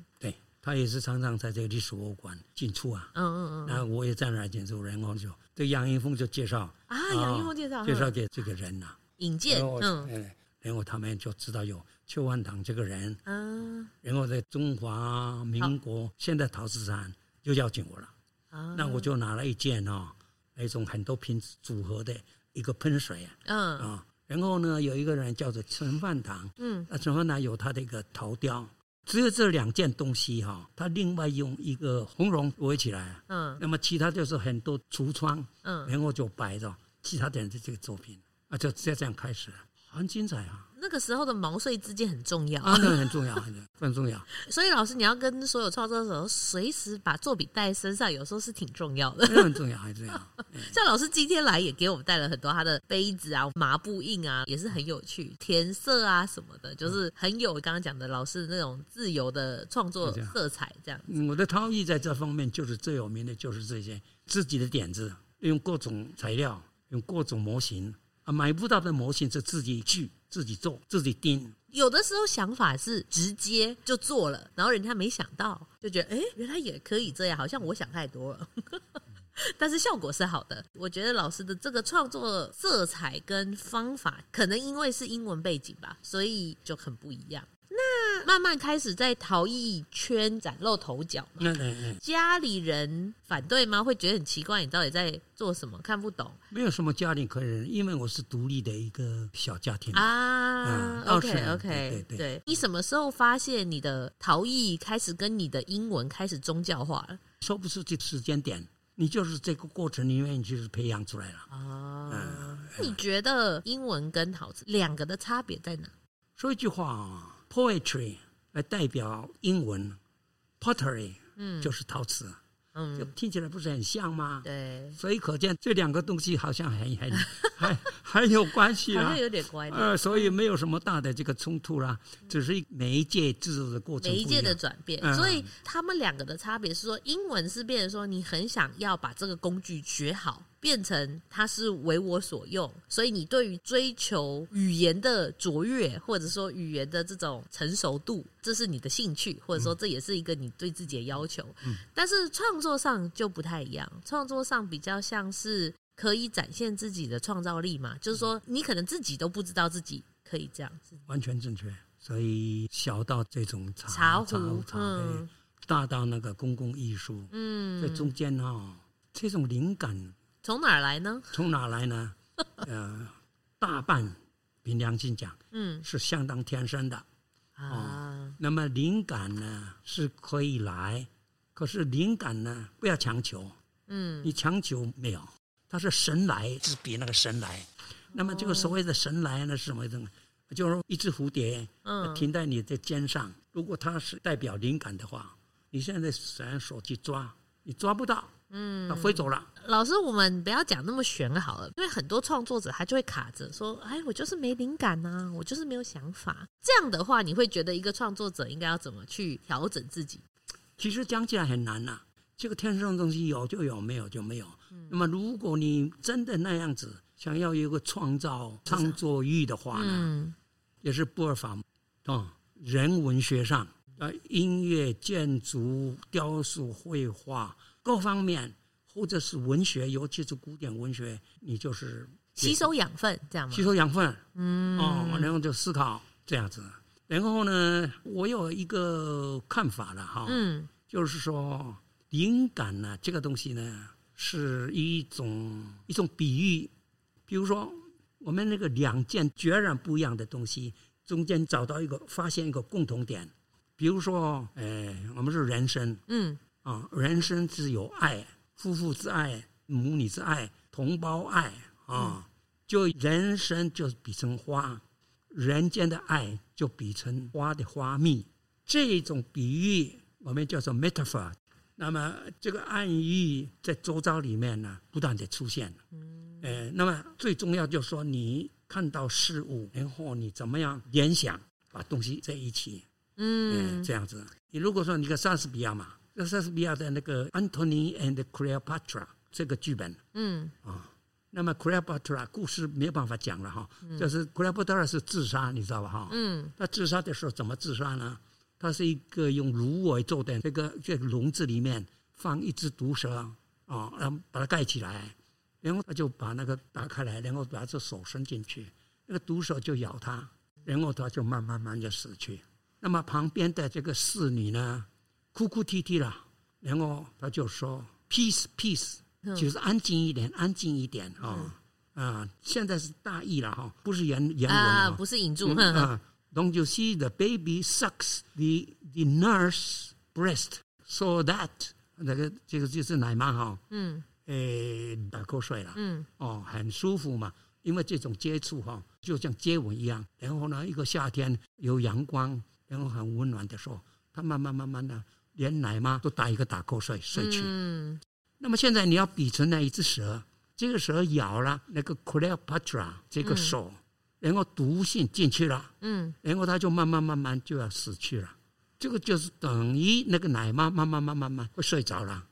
他也是常常在這個歷史博物館進出啊，嗯嗯嗯，然後我也在那兒進出，然後就對楊英風就介紹啊，楊英風介紹，介紹給這個人吶，啊啊，引薦，後嗯，然後他們就知道有邱煥堂這個人，嗯，然後在中華民國，好現代陶瓷山又邀請我了，啊，嗯，那我就拿了一件哦，啊，那種很多瓶子組合的一個噴水，嗯啊，然後呢，有一個人叫做陳煥堂，嗯，啊，陳煥堂有他的一個陶雕。只有這兩件東西哈、啊，他另外用一個紅絨圍起來，嗯，那麼其他就是很多櫥窗，嗯，然後就擺着其他點的人這個作品，啊，就直接這樣開始了，很精彩啊。那個時候的毛遂自薦很重要啊，很重要，很重要。重要所以老師，你要跟所有創作者隨時把作品帶在身上，有時候是挺重要的。啊、很重要，還重要。像老師今天來也給我們帶了很多他的杯子啊、麻布印啊，也是很有趣，填色啊什麼的，就是很有我剛剛講的老師那種自由的創作色彩這。這樣，我的陶藝在這方面就是最有名的，就是這些自己的點子，用各種材料，用各種模型啊，買不到的模型就自己去。自己做，自己盯。有的時候想法是直接就做了，然後人家沒想到，就覺得哎，原來也可以這樣，好像我想太多了， 但是效果是好的。我覺得老師的這個創作色彩跟方法，可能因為是英文背景吧，所以就很不一樣。那慢慢開始在陶藝圈展露頭角。嗯嗯嗯。對對對。家裡人反對嗎？會覺得很奇怪，你到底在做什麼？看不懂。沒有什麼家裡可以，因為我是獨立的一個小家庭啊。嗯、OK OK 對對，對，對。你什麼時候發現你的陶藝開始跟你的英文開始宗教化了？說不出這時間點，你就是這個過程裡面，你就是培養出來了啊。嗯、你覺得英文跟陶瓷兩個的差別在哪？說一句話 Poetry 來代表英文，Pottery 就是陶瓷，嗯，就聽起來不是很像嗎？對，所以可見這兩個東西好像很很很、 很有關係啊，有點關係，呃，所以沒有什麼大的這個衝突啦，嗯、只是媒介製作的過程不一樣，媒介的轉變，嗯、所以他們兩個的差別是說，英文是變成說你很想要把這個工具學好。變成它是為我所用，所以你對於追求語言的卓越，或者說語言的這種成熟度，這是你的興趣，或者說這也是一個你對自己的要求。嗯，但是創作上就不太一樣，創作上比較像是可以展現自己的創造力嘛，就是說你可能自己都不知道自己可以這樣子，完全正確。所以小到這種茶壺、茶杯，茶的大到那個公共藝術，嗯，在中間哈、喔，這種靈感。從哪兒來呢？從哪兒來呢？ 呃，大半憑良心講，嗯，是相當天生的啊、嗯。那麼靈感呢是可以來，可是靈感呢不要強求，嗯，你強求沒有，它是神來，是比那個神來。那麼這個所謂的神來呢是什麼意思呢？哦、就是一只蝴蝶，嗯，停在你的肩上。嗯、如果它是代表靈感的話，你現在伸手去抓，你抓不到。嗯，飛走了。老師，我們不要講那麼玄好了，因為很多創作者他就會卡着說：“哎，我就是沒靈感吶、啊，我就是沒有想法。”這樣的話，你會覺得一個創作者應該要怎麼去調整自己？其實講起來很難吶、啊，這個天生的東西有就有，沒有就沒有。嗯、那麼，如果你真的那樣子想要有一個創造創作慾的話呢，是啊嗯、也是不二法門啊、嗯。人文學上啊，音樂、建築、雕塑、繪畫。各方面，或者是文學，尤其是古典文學，你就是吸收，吸收養分，這樣嗎？吸收養分，嗯，哦，然後就思考這樣子。然後呢，我有一個看法了哈，哦、嗯，就是說靈感呢、啊，這個東西呢是一種一種比喻，比如說我們那個兩件決然不一樣的東西，中間找到一個發現一個共同點，比如說，哎，我們是人生，嗯。啊，人生自有愛，夫婦之愛，母女之愛，同胞愛啊、嗯哦！就人生就比成花，人間的愛就比成花的花蜜。這種比喻我們叫做 metaphor。那麼這個暗喻在周遭裡面呢，不斷的出現。嗯，哎，那麼最重要就是說，你看到事物然後你怎麼樣聯想，把東西在一起。嗯、哎，這樣子。你如果說你跟莎士比亞嘛。那莎士比亞的那個《Antony and Cleopatra》這個劇本，嗯啊、哦，那麼《Cleopatra》故事沒有辦法講了哈，哦嗯、就是《Cleopatra》是自殺，你知道吧？哈、哦，嗯、他自殺的時候怎麼自殺呢？他是一個用蘆葦做的那、這個、這個籠子裡面放一隻毒蛇，啊、哦，然後把它蓋起來，然後他就把那個打開來，然後把這手伸進去，那個毒蛇就咬他，然後他就慢慢慢的死去。那麼旁邊的這個侍女呢？哭哭啼啼了，然後他就說 Pe ace,：“Peace, peace，就是安靜一點，安靜一點啊！啊、嗯哦呃，現在是大意了哈、哦，不是原原文啊、哦、不是引注。嗯 uh, Don't you see the baby sucks the the nurse breast? So that 那個這個就是奶媽哈，哦、嗯，哎、呃、打瞌睡了，嗯，哦，很舒服嘛，因為這種接觸哈，就像接吻一樣。然後呢，一個夏天有陽光，然後很溫暖的時候，他慢慢慢慢的。”連奶媽都打一個打瞌睡睡去，嗯、那麼現在你要比成那一隻蛇？這個蛇咬了那個 Cleopatra 這個手，嗯、然後毒性進去了，嗯，然後它就慢慢慢慢就要死去了。這個就是等於那個奶媽慢慢慢慢慢會睡着了，啊、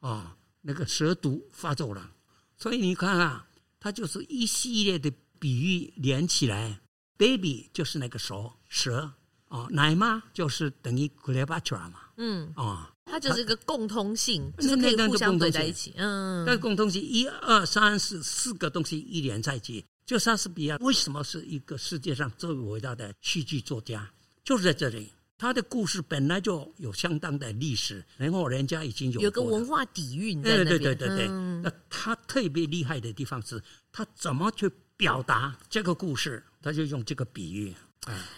哦，那個蛇毒發作了，所以你看啊，它就是一系列的比喻連起來，baby 就是那個蛇蛇，哦，奶媽就是等於 Cleopatra 嘛。嗯，哦、嗯，它，它就是一個共通性，那是可以互相對在一起。個共同性嗯，那共通性，一二三四四個東西一連在一起，就莎士比亞為什麼是一個世界上最偉大的戲劇作家，就是在這裡。他的故事本來就有相當的歷史，然後人家已經有有個文化底蘊、嗯。對對對對對，嗯、那他特別厲害的地方是他怎麼去表達這個故事，他就用這個比喻。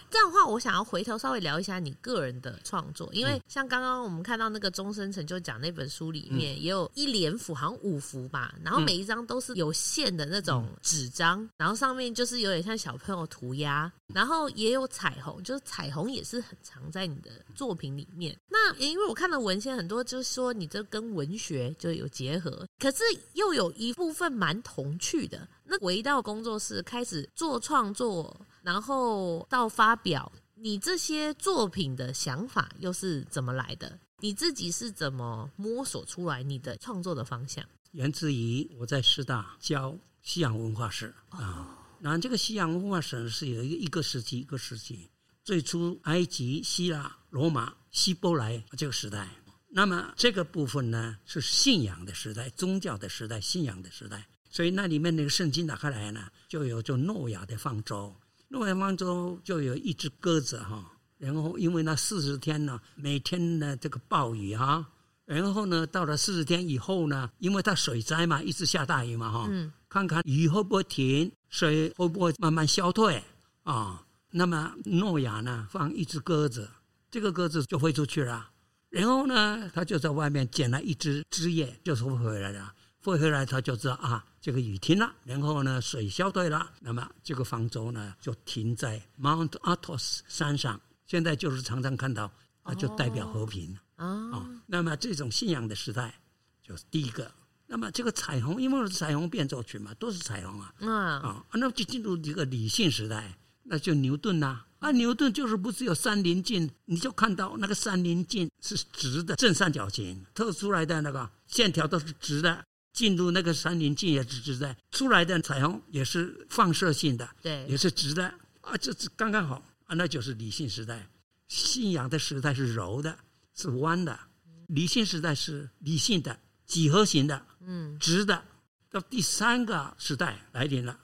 這樣的話，我想要回頭稍微聊一下你個人的創作，因為像剛剛我們看到那個《終身成就》講那本書裡面，也有一連幅，好像五幅吧，然後每一張都是有線的那種紙張，然後上面就是有點像小朋友塗鴉，然後也有彩虹，就是彩虹也是很常在你的作品裡面。那因為我看到文獻很多，就是說你這跟文學就有結合，可是又有一部分蠻童趣的。那回到工作室開始做創作，然後到發表，你這些作品的想法又是怎麼來的？你自己是怎麼摸索出來你的創作的方向？源自於我在師大教西洋文化史、oh. 啊。然後這個西洋文化史是有一個時期一個時期一個時期，最初埃及、希臘、羅馬、希伯來這個時代。那麼這個部分呢是信仰的時代、宗教的時代、信仰的時代。所以那裡面那個聖經打開來呢，就有就諾亞的方舟。諾亞方舟就有一隻鴿子哈，然後因為那四十天呢，每天呢這個暴雨哈、啊，然後呢到了四十天以後呢，因為它水災嘛，一直下大雨嘛哈，嗯、看看雨會不會停，水會不會慢慢消退啊、哦？那麼諾亞呢放一隻鴿子，這個鴿子就飛出去了，然後呢他就在外面撿了一隻枝葉就是、飛回來了，飛回來他就知道啊。這個雨停了，然後呢，水消退了，那麼這個方舟呢就停在 Mount Athos 山上。現在就是常常看到，那就代表和平啊、oh, oh. 嗯。那麼這種信仰的時代，就是第一個。那麼這個彩虹，因為是彩虹變奏曲嘛，都是彩虹啊。Uh. 嗯啊，那就進入一個理性時代，那就牛頓吶、啊。啊，牛頓就是不是有三稜鏡，你就看到那個三稜鏡是直的正三角形透出來的那個線條都是直的。進入那個三稜鏡，進也是直的，出來的彩虹也是放射性的，對，也是直的啊，這是剛剛好啊，那就是理性時代。信仰的時代是柔的，是彎的，理性時代是理性的，幾何形的，嗯，直的。嗯，到第三個時代來臨了。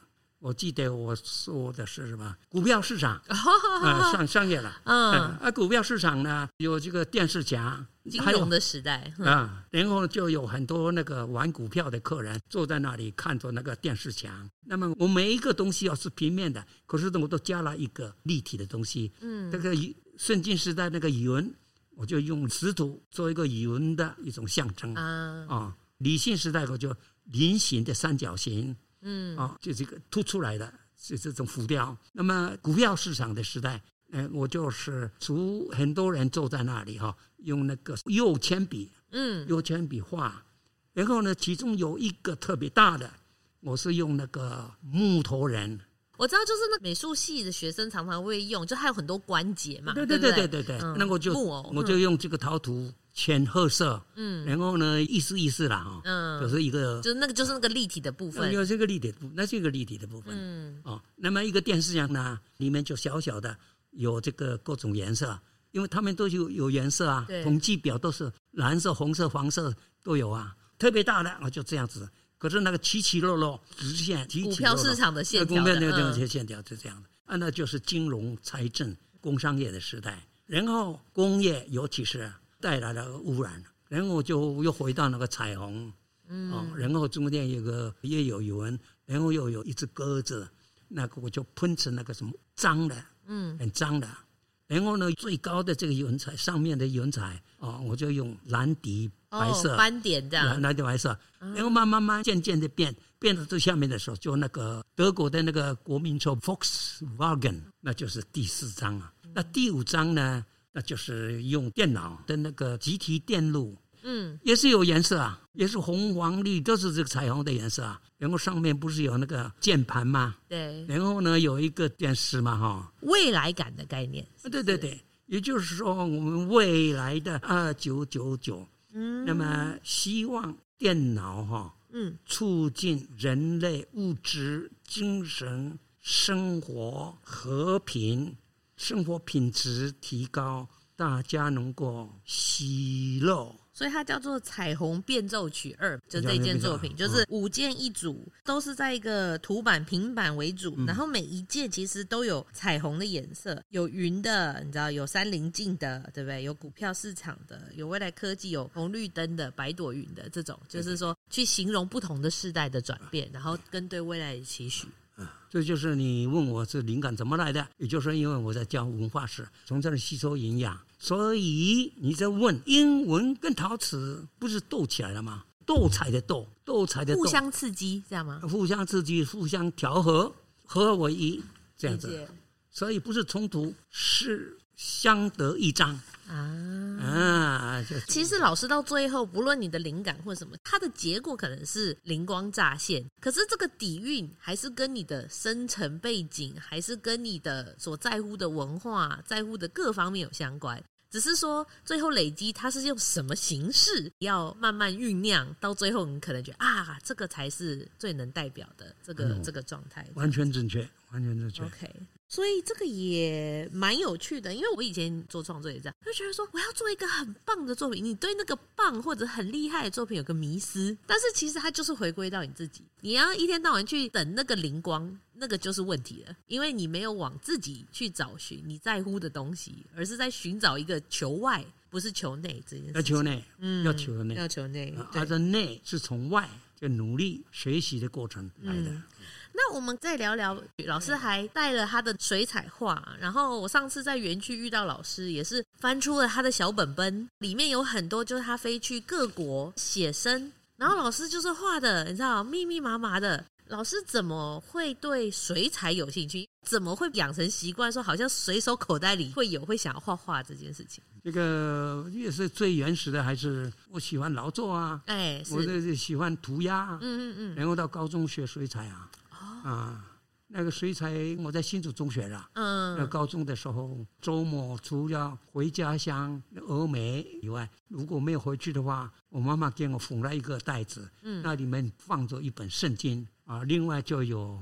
我記得我說的是什麼？股票市場啊、嗯，上商業了、嗯。啊，股票市場呢，有這個電視牆，金融的時代啊，然後就有很多那個玩股票的客人坐在那裡看着那個電視牆。那麼我每一個東西要是平面的，可是我都加了一個立體的東西。嗯，這個聖經時代那個雲，我就用石頭做一個雲的一種象徵啊。啊，理性時代我就菱形的三角形。嗯，啊、哦，就這、是、個突出來的，就是這種浮雕。那麼股票市場的時代，哎、呃，我就是，除很多人坐在那裡哈、哦，用那個用鉛筆，嗯，用鉛筆畫，然後呢，其中有一個特別大的，我是用那個木頭人。我知道，就是那美術系的學生常常會用，就還有很多關節嘛。對對對對對對。嗯、那我就，哦嗯、我就用這個陶土。淺褐色，嗯，然後呢，一絲一絲啦、哦，哈，嗯，就是一個，就是那個就是那個立體的部分，有這個立體部，那是一個立體的部分，嗯，哦，那麼一個電視上呢，裡面就小小的有這個各種顏色，因為它們都有有顏色啊，對統計表都是藍色、紅色、黃色都有啊，特別大的啊、哦、就這樣子，可是那個起起落落直線，七七落落股票市場的線條的、啊，股票那個這些線條是這樣的，嗯、啊，那就是金融、財政、工商業的時代，然後工業尤其是。帶來了污染，然後我就又回到那個彩虹，嗯、哦，然後中間有個也有雲，然後又有一隻鴿子，那個我就噴成那個什麼髒的，嗯，很髒的。然後呢，最高的這個雲彩上面的雲彩，哦，我就用藍底白色斑、哦、點的藍底白色，然後慢慢慢漸漸的變，嗯、變到最下面的時候，就那個德國的那個國民車 Volkswagen，那就是第四章啊。那第五章呢？嗯那就是用電腦的那個積體電路，嗯，也是有顏色啊，也是紅黃綠，都是這個彩虹的顏色啊。然後上面不是有那個鍵盤嗎？對，然後呢有一個電視嘛，哈，未來感的概念，對對對，也就是說我們未來的二九九九，嗯，那麼希望電腦哈，嗯，促進人類物質、精神、生活、和平。生活品質提高，大家能夠喜樂，所以它叫做《彩虹變奏曲二》，就是、這件作品就是五件一組，都是在一個圖板、平板為主，然後每一件其實都有彩虹的顏色，有雲的，你知道有三稜鏡的，對不對？有股票市場的，有未來科技，有紅綠燈的，白朵雲的這種，就是說去形容不同的世代的轉變，然後跟對未來的期許。這就是你問我這靈感怎麼來的，也就是因為我在教文化史，從這裡吸收營養，所以你在問英文跟陶瓷不是鬥起來了嗎？鬥彩的鬥，鬥彩的鬥，互相刺激，知道嗎？互相刺激，互相調和，合二為一這樣子，理解。所以不是衝突，是相得益彰。啊啊！其實老師到最後，不論你的靈感或什麼，它的結果可能是靈光乍現。可是這個底蘊還是跟你的生成背景，還是跟你的所在乎的文化、在乎的各方面有相關。只是說最後累積，它是用什麼形式，要慢慢醞釀，到最後你可能覺得啊，這個才是最能代表的這個、嗯、這個狀態。完全正確，完全正確。OK。所以這個也蠻有趣的，因為我以前做創作也這樣，就覺得說我要做一個很棒的作品。你對那個棒或者很厲害的作品有個迷思，但是其實它就是回歸到你自己，你要一天到晚去等那個靈光，那個就是問題了，因為你沒有往自己去找尋你在乎的東西，而是在尋找一個求外，不是求內這件事。要求內，嗯，要求內，要求內，它的內，對、啊、內是從外就努力學習的過程來的。嗯。那我們再聊聊，老師還帶了他的水彩畫。然後我上次在園區遇到老師，也是翻出了他的小本本，裡面有很多，就是他飛去各國寫生。然後老師就是畫的，你知道，密密麻麻的。老師怎麼會對水彩有興趣？怎麼會養成習慣，說好像隨手口袋裡會有會想要畫畫這件事情？這個也是最原始的，還是我喜歡勞作啊。哎，我就是喜歡塗鴉。嗯嗯嗯。然後到高中學水彩啊。啊，那個水彩，我在新竹中學了。嗯，那高中的時候，周末除了回家鄉峨眉以外，如果沒有回去的話，我媽媽給我縫了一個袋子，嗯，那裡面放着一本聖經啊，另外就有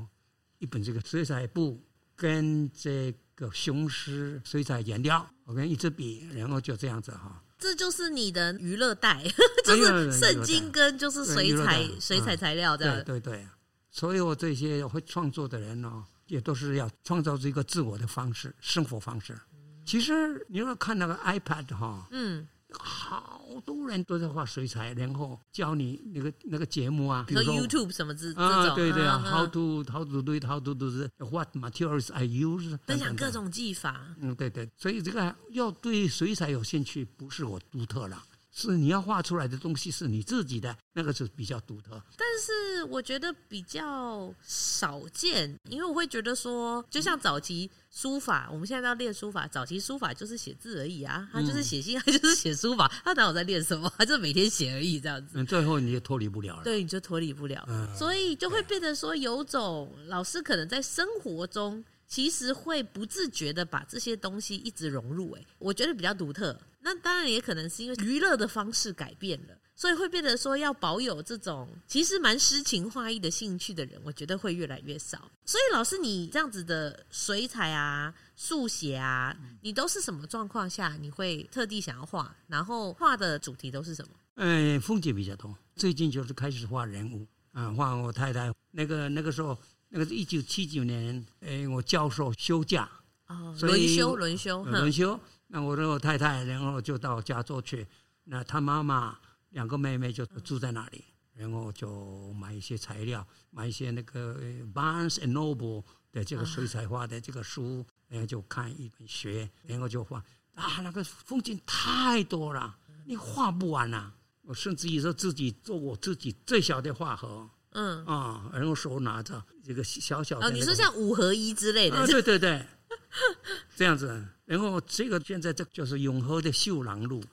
一本這個水彩布跟這個雄獅水彩顏料，我跟一支筆，然後就這樣子哈。啊、這就是你的娛樂袋， 就是聖經跟就是水彩水彩材料的，嗯，對對。對所以我這些會創作的人呢、哦，也都是要創造這個自我的方式、生活方式。嗯、其實你要看那個 iPad 哈、哦，嗯，好多人都在畫水彩，然後教你那個那個節目啊，比如說，說 YouTube 什麼之類的、啊這種啊、對對啊，how to, how to do, how to do what materials are used，分享各種技法等等。嗯，對對，所以這個要對水彩有興趣，不是我獨特了。是你要畫出來的東西是你自己的，那個是比較獨特。但是我覺得比較少見，因為我會覺得說，就像早期書法，我們現在要練書法，早期書法就是寫字而已啊，他就是寫信，他就是寫書法，他哪有在練什麼？他就是每天寫而已，這樣子。最後你也脫離不了了。對，你就脫離不了，所以就會變成說，有種老師可能在生活中。其實會不自覺的把這些東西一直融入，哎，我覺得比較獨特。那當然也可能是因為娛樂的方式改變了，所以會變得說要保有這種其實蠻詩情畫意的興趣的人，我覺得會越來越少。所以老師，你這樣子的水彩啊、速寫啊，你都是什麼狀況下你會特地想要畫？然後畫的主題都是什麼？嗯，風景比較多。最近就是開始畫人物，啊、嗯，畫我太太。那個那個時候。那個是一九七九年，哎，我教授休假，輪休輪休輪休。那我的我太太，然後就到加州去。那他媽媽、兩個妹妹就住在那裡，嗯、然後就買一些材料，買一些那個 Barnes and Noble 的這個水彩畫的這個書，啊、然後就看一本學，然後就畫。啊，那個風景太多了，你畫不完啊！我甚至於說自己做我自己最小的畫盒。嗯啊、嗯，然後手拿着一個小小的、那個哦，你說像五合一之類的，啊、對對對， 這樣子。然後這個現在這就是永和的秀朗路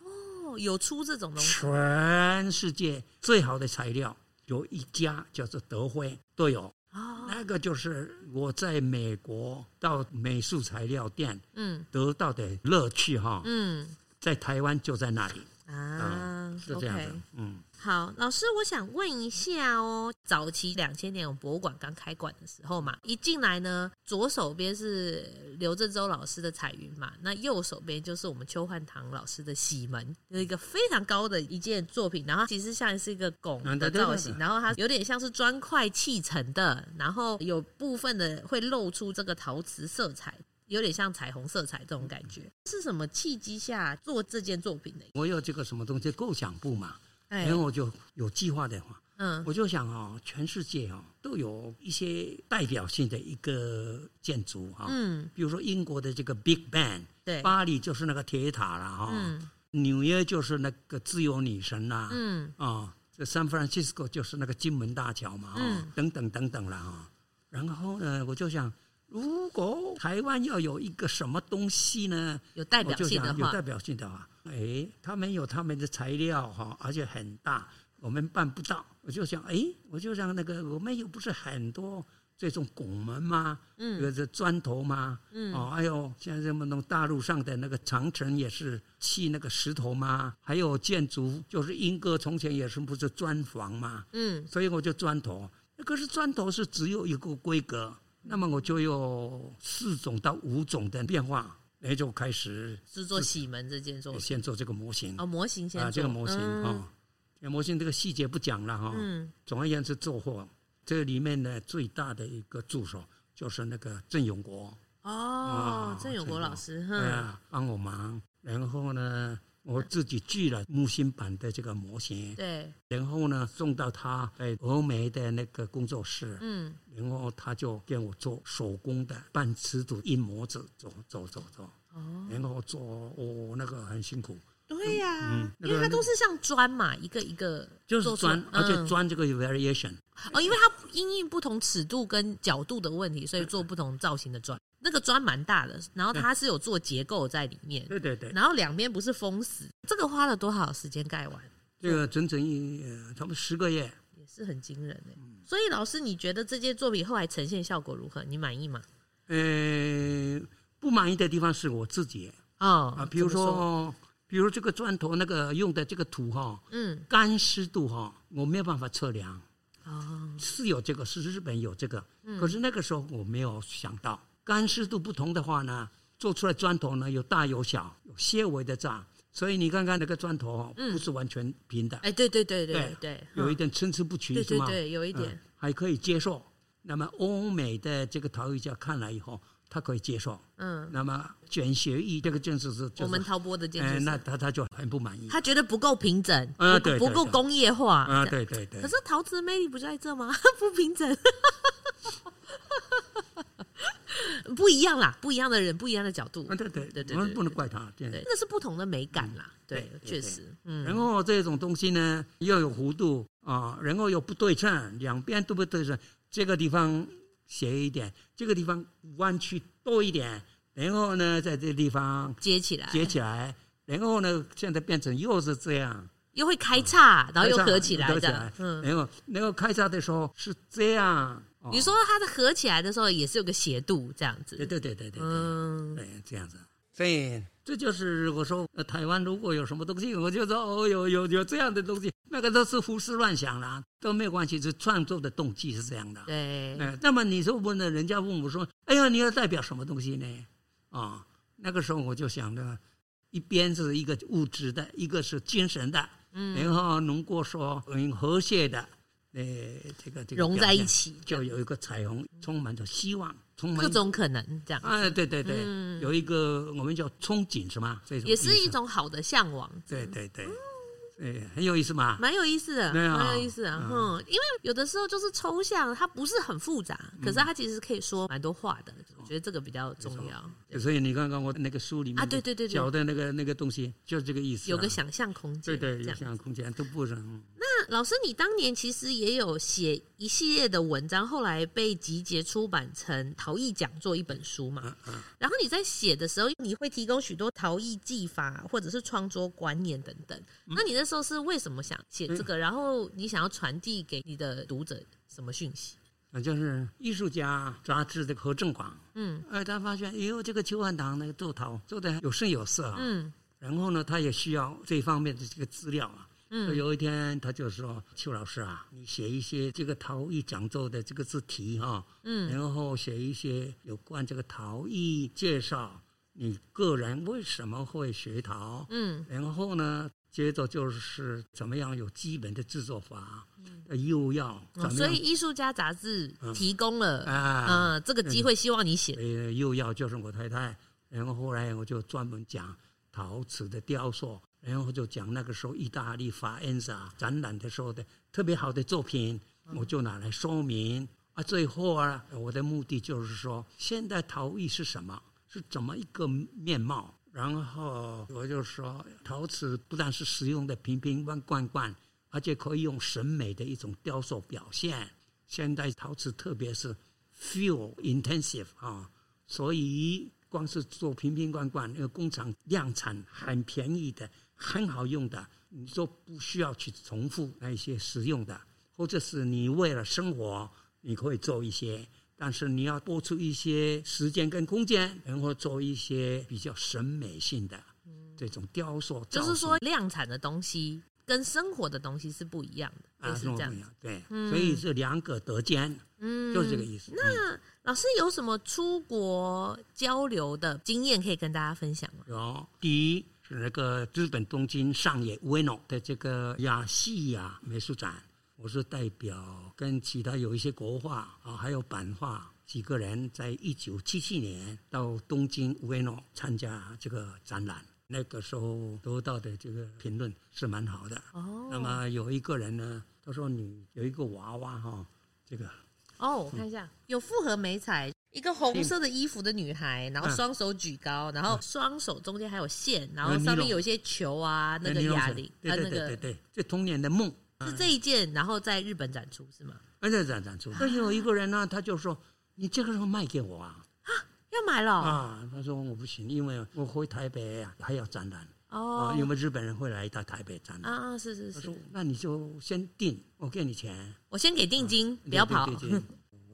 哦，有出這種東西。全世界最好的材料有一家叫做德輝都有哦，那個就是我在美國到美術材料店嗯得到的樂趣哈嗯，在台灣就在那裡。啊是這樣，OK，嗯，好，老師，我想問一下哦，早期兩千年，我們博物館剛開館的時候嘛，一進來呢，左手邊是劉振洲老師的彩雲嘛，那右手邊就是我們邱煥堂老師的禧門，有一個非常高的一件作品，然後其實像是一個拱門的造型，嗯、對對對，然後它有點像是磚塊砌成的，然後有部分的會露出這個陶瓷色彩。有點像彩虹色彩這種感覺，是什麼契機下做這件作品的？我有這個什麼東西構想部嘛？欸、然後我就有計劃的話，嗯，我就想啊、哦，全世界啊、哦，都有一些代表性的一個建築啊、哦，嗯，比如說英國的這個 Big Ben 對，巴黎就是那個鐵塔啦、哦。哈、嗯，紐約就是那個自由女神啦。嗯，啊、哦、這 San Francisco 就是那個金門大橋嘛、哦，嗯，等等等等啦、哦。哈，然後呢，我就想。如果台灣要有一個什麼東西呢？有代表性的話，有代表性的話，哎，他們有他們的材料哈，而且很大，我們辦不到。我就想，哎，我就想那個我們又不是很多這種拱門嘛，嗯，這個磚頭嘛，嗯，哦，還、哎、有現在這麼多大陸上的那個長城也是砌那個石頭嘛，還有建築就是鶯歌從前也是不是磚房嘛，嗯，所以我就磚頭，可是磚頭是只有一個規格。那麼我就有四種到五種的變化，那就開始制作禧門這件作品，先做這個模型啊、哦，模型先做、啊、這個模型啊、嗯哦，模型這個細節不講了哈。哦、嗯。總而言之，做貨這裡面呢，最大的一個助手就是那個鄭永國。哦，鄭、哦哦、永國老師，果嗯、對呀、啊，幫我忙，然後呢。我自己鋸了木芯板的這個模型，對，然後呢送到他在峨眉的那個工作室，嗯，然後他就給我做手工的半瓷土硬模子，做做做做，哦，然後做哦那個很辛苦，對呀、啊，嗯、因為它都是像磚嘛，那個、一個一個做做就是磚，做而且磚這個、e、variation、嗯、哦，因為它因應不同尺度跟角度的問題，所以做不同造型的磚。那個磚蠻大的，然後它是有做結構在裡面。對對對。然後兩邊不是封死。這個花了多少時間蓋完？這個整整一差不多十個月。也是很驚人的。嗯、所以老師，你覺得這件作品後來呈現效果如何？你滿意嗎？呃、欸，不滿意的地方是我自己啊、哦、啊，比如說，比如這個磚頭那個用的這個土哈、哦，嗯，乾濕度哈、哦，我沒有辦法測量。哦，是有這個，是日本有這個，嗯、可是那個時候我沒有想到。乾濕度不同的話呢，做出來磚頭呢，有大有小，有些微的差，所以你看看那個磚頭，哦，嗯、不是完全平的，哎，對對對對對，有一點參差不齊，對，對對對，有一點、嗯、還可以接受。那麼歐美的這個陶藝家看來以後，他可以接受，嗯，那麼卷學意這個建，就是是我們陶博的建議，哎，那他他就很不滿意，他覺得不夠平整，呃、對對對不，不夠工業化，啊、呃、對對對，可是陶瓷的魅力不在這嗎？ 不平整。 不一樣啦，不一樣的人，不一樣的角度。對對對對，我們不能怪他。對，那是不同的美感啦。對，確實。嗯，然後這種東西呢，又有弧度啊，然後又不對稱，兩邊都不對稱，這個地方斜一點，這個地方彎曲多一點，然後呢，在這個地方接起來，接起來，然後呢，現在變成又是這樣，又會開叉，然後又合起來的。嗯，然後，然後開叉的時候是這樣。你說它的合起來的時候也是有個斜度這樣子。對對對對對，嗯，哎，這樣子，所以這就是我說、呃，台灣如果有什麼東西，我就說哦，有有有這樣的東西，那個都是胡思亂想啦，都沒有關係，這創作的動機是這樣的。對、哎，那麼你說問了人家問我說，哎呀，你要代表什麼東西呢？啊、哦，那個時候我就想着，一邊是一個物質的，一個是精神的，嗯、然後能夠說很和諧的。這個這個融在一起，就有一個彩虹，充滿着希望，充滿各種可能，這樣。啊，對對對，嗯、有一個我們叫憧憬是嗎？這也是一種好的嚮往。對對對。嗯哎，很有意思嗎？蠻有意思的，蠻有意思的。嗯，因為有的時候就是抽象，它不是很複雜，可是它其實可以說蠻多話的。我覺得這個比較重要。所以你剛剛我那個書裡面啊，對對對，講的那個那個東西，就是這個意思。有個想象空間，對對，想象空間都不能。那老師，你當年其實也有寫一系列的文章，後來被集結出版成陶藝講座一本書嘛？然後你在寫的時候，你會提供許多陶藝技法或者是創作觀念等等。那你的。這時候是為什麼想寫這個？對然後你想要傳遞給你的讀者什麼訊息？那就是藝術家雜誌的何政廣，嗯，哎，他發現，哎呦，這個邱煥堂那個做陶做得有聲有色啊，嗯，然後呢，他也需要這方面的這個資料啊，嗯，有一天他就說：“邱、嗯、老師啊，你寫一些這個陶藝講座的這個字題哈、啊，嗯，然後寫一些有關這個陶藝介紹，你個人為什麼會學陶，嗯，然後呢？”接着就是怎麼樣有基本的制作法，嗯、又要、哦、所以藝術家雜誌提供了、嗯、啊、呃，這個機會，希望你寫、嗯。又要就是我太太，然後後來我就專門講陶瓷的雕塑，然後就講那個時候意大利法恩薩展覽的時候的特別好的作品，嗯、我就拿來說明。啊，最後啊，我的目的就是說，現代陶藝是什麼，是怎麼一個面貌？然後我就說，陶瓷不但是使用的瓶瓶罐罐，罐，而且可以用審美的一種雕塑表現。現代陶瓷特別是 fuel intensive 啊，所以光是做瓶瓶罐罐，那個工廠量產很便宜的，很好用的，你就不需要去重複那些實用的，或者是你為了生活，你可以做一些。但是你要多出一些時間跟空間，然後做一些比較審美性的這種雕塑，嗯。就是說，量產的東西跟生活的東西是不一樣的，也、就是這樣，、啊、樣。對，嗯、所以是兩者得兼，嗯、就是這個意思。嗯、那老師有什麼出國交流的經驗可以跟大家分享嗎？有，第一是那個日本東京上野 Ueno 的這個亞細亞美術展。我是代表跟其他有一些國畫啊，還有版畫幾個人，在一九七七年到東京上野參加這個展覽，那個時候得到的這個評論是蠻好的。哦。那麼有一個人呢，他說你有一個娃娃哈，這個哦，我看一下，嗯、有複合媒材，一個紅色的衣服的女孩，然後雙手舉高，啊、然後雙手中間還有線，然後上面有一些球啊，那個壓力，啊、對對對對，這童年的夢。是這一件，然後在日本展出是嗎？哎、啊，在展展出。那有一個人呢，他就說：“你這個時候賣給我啊？”啊，要買了、哦、啊？他說：“我不行，因為我回台北啊，還要展覽哦、啊。有沒有日本人會來到台北展覽啊？是是是。他說那你就先定，我給你錢，我先給定金，啊、不要跑。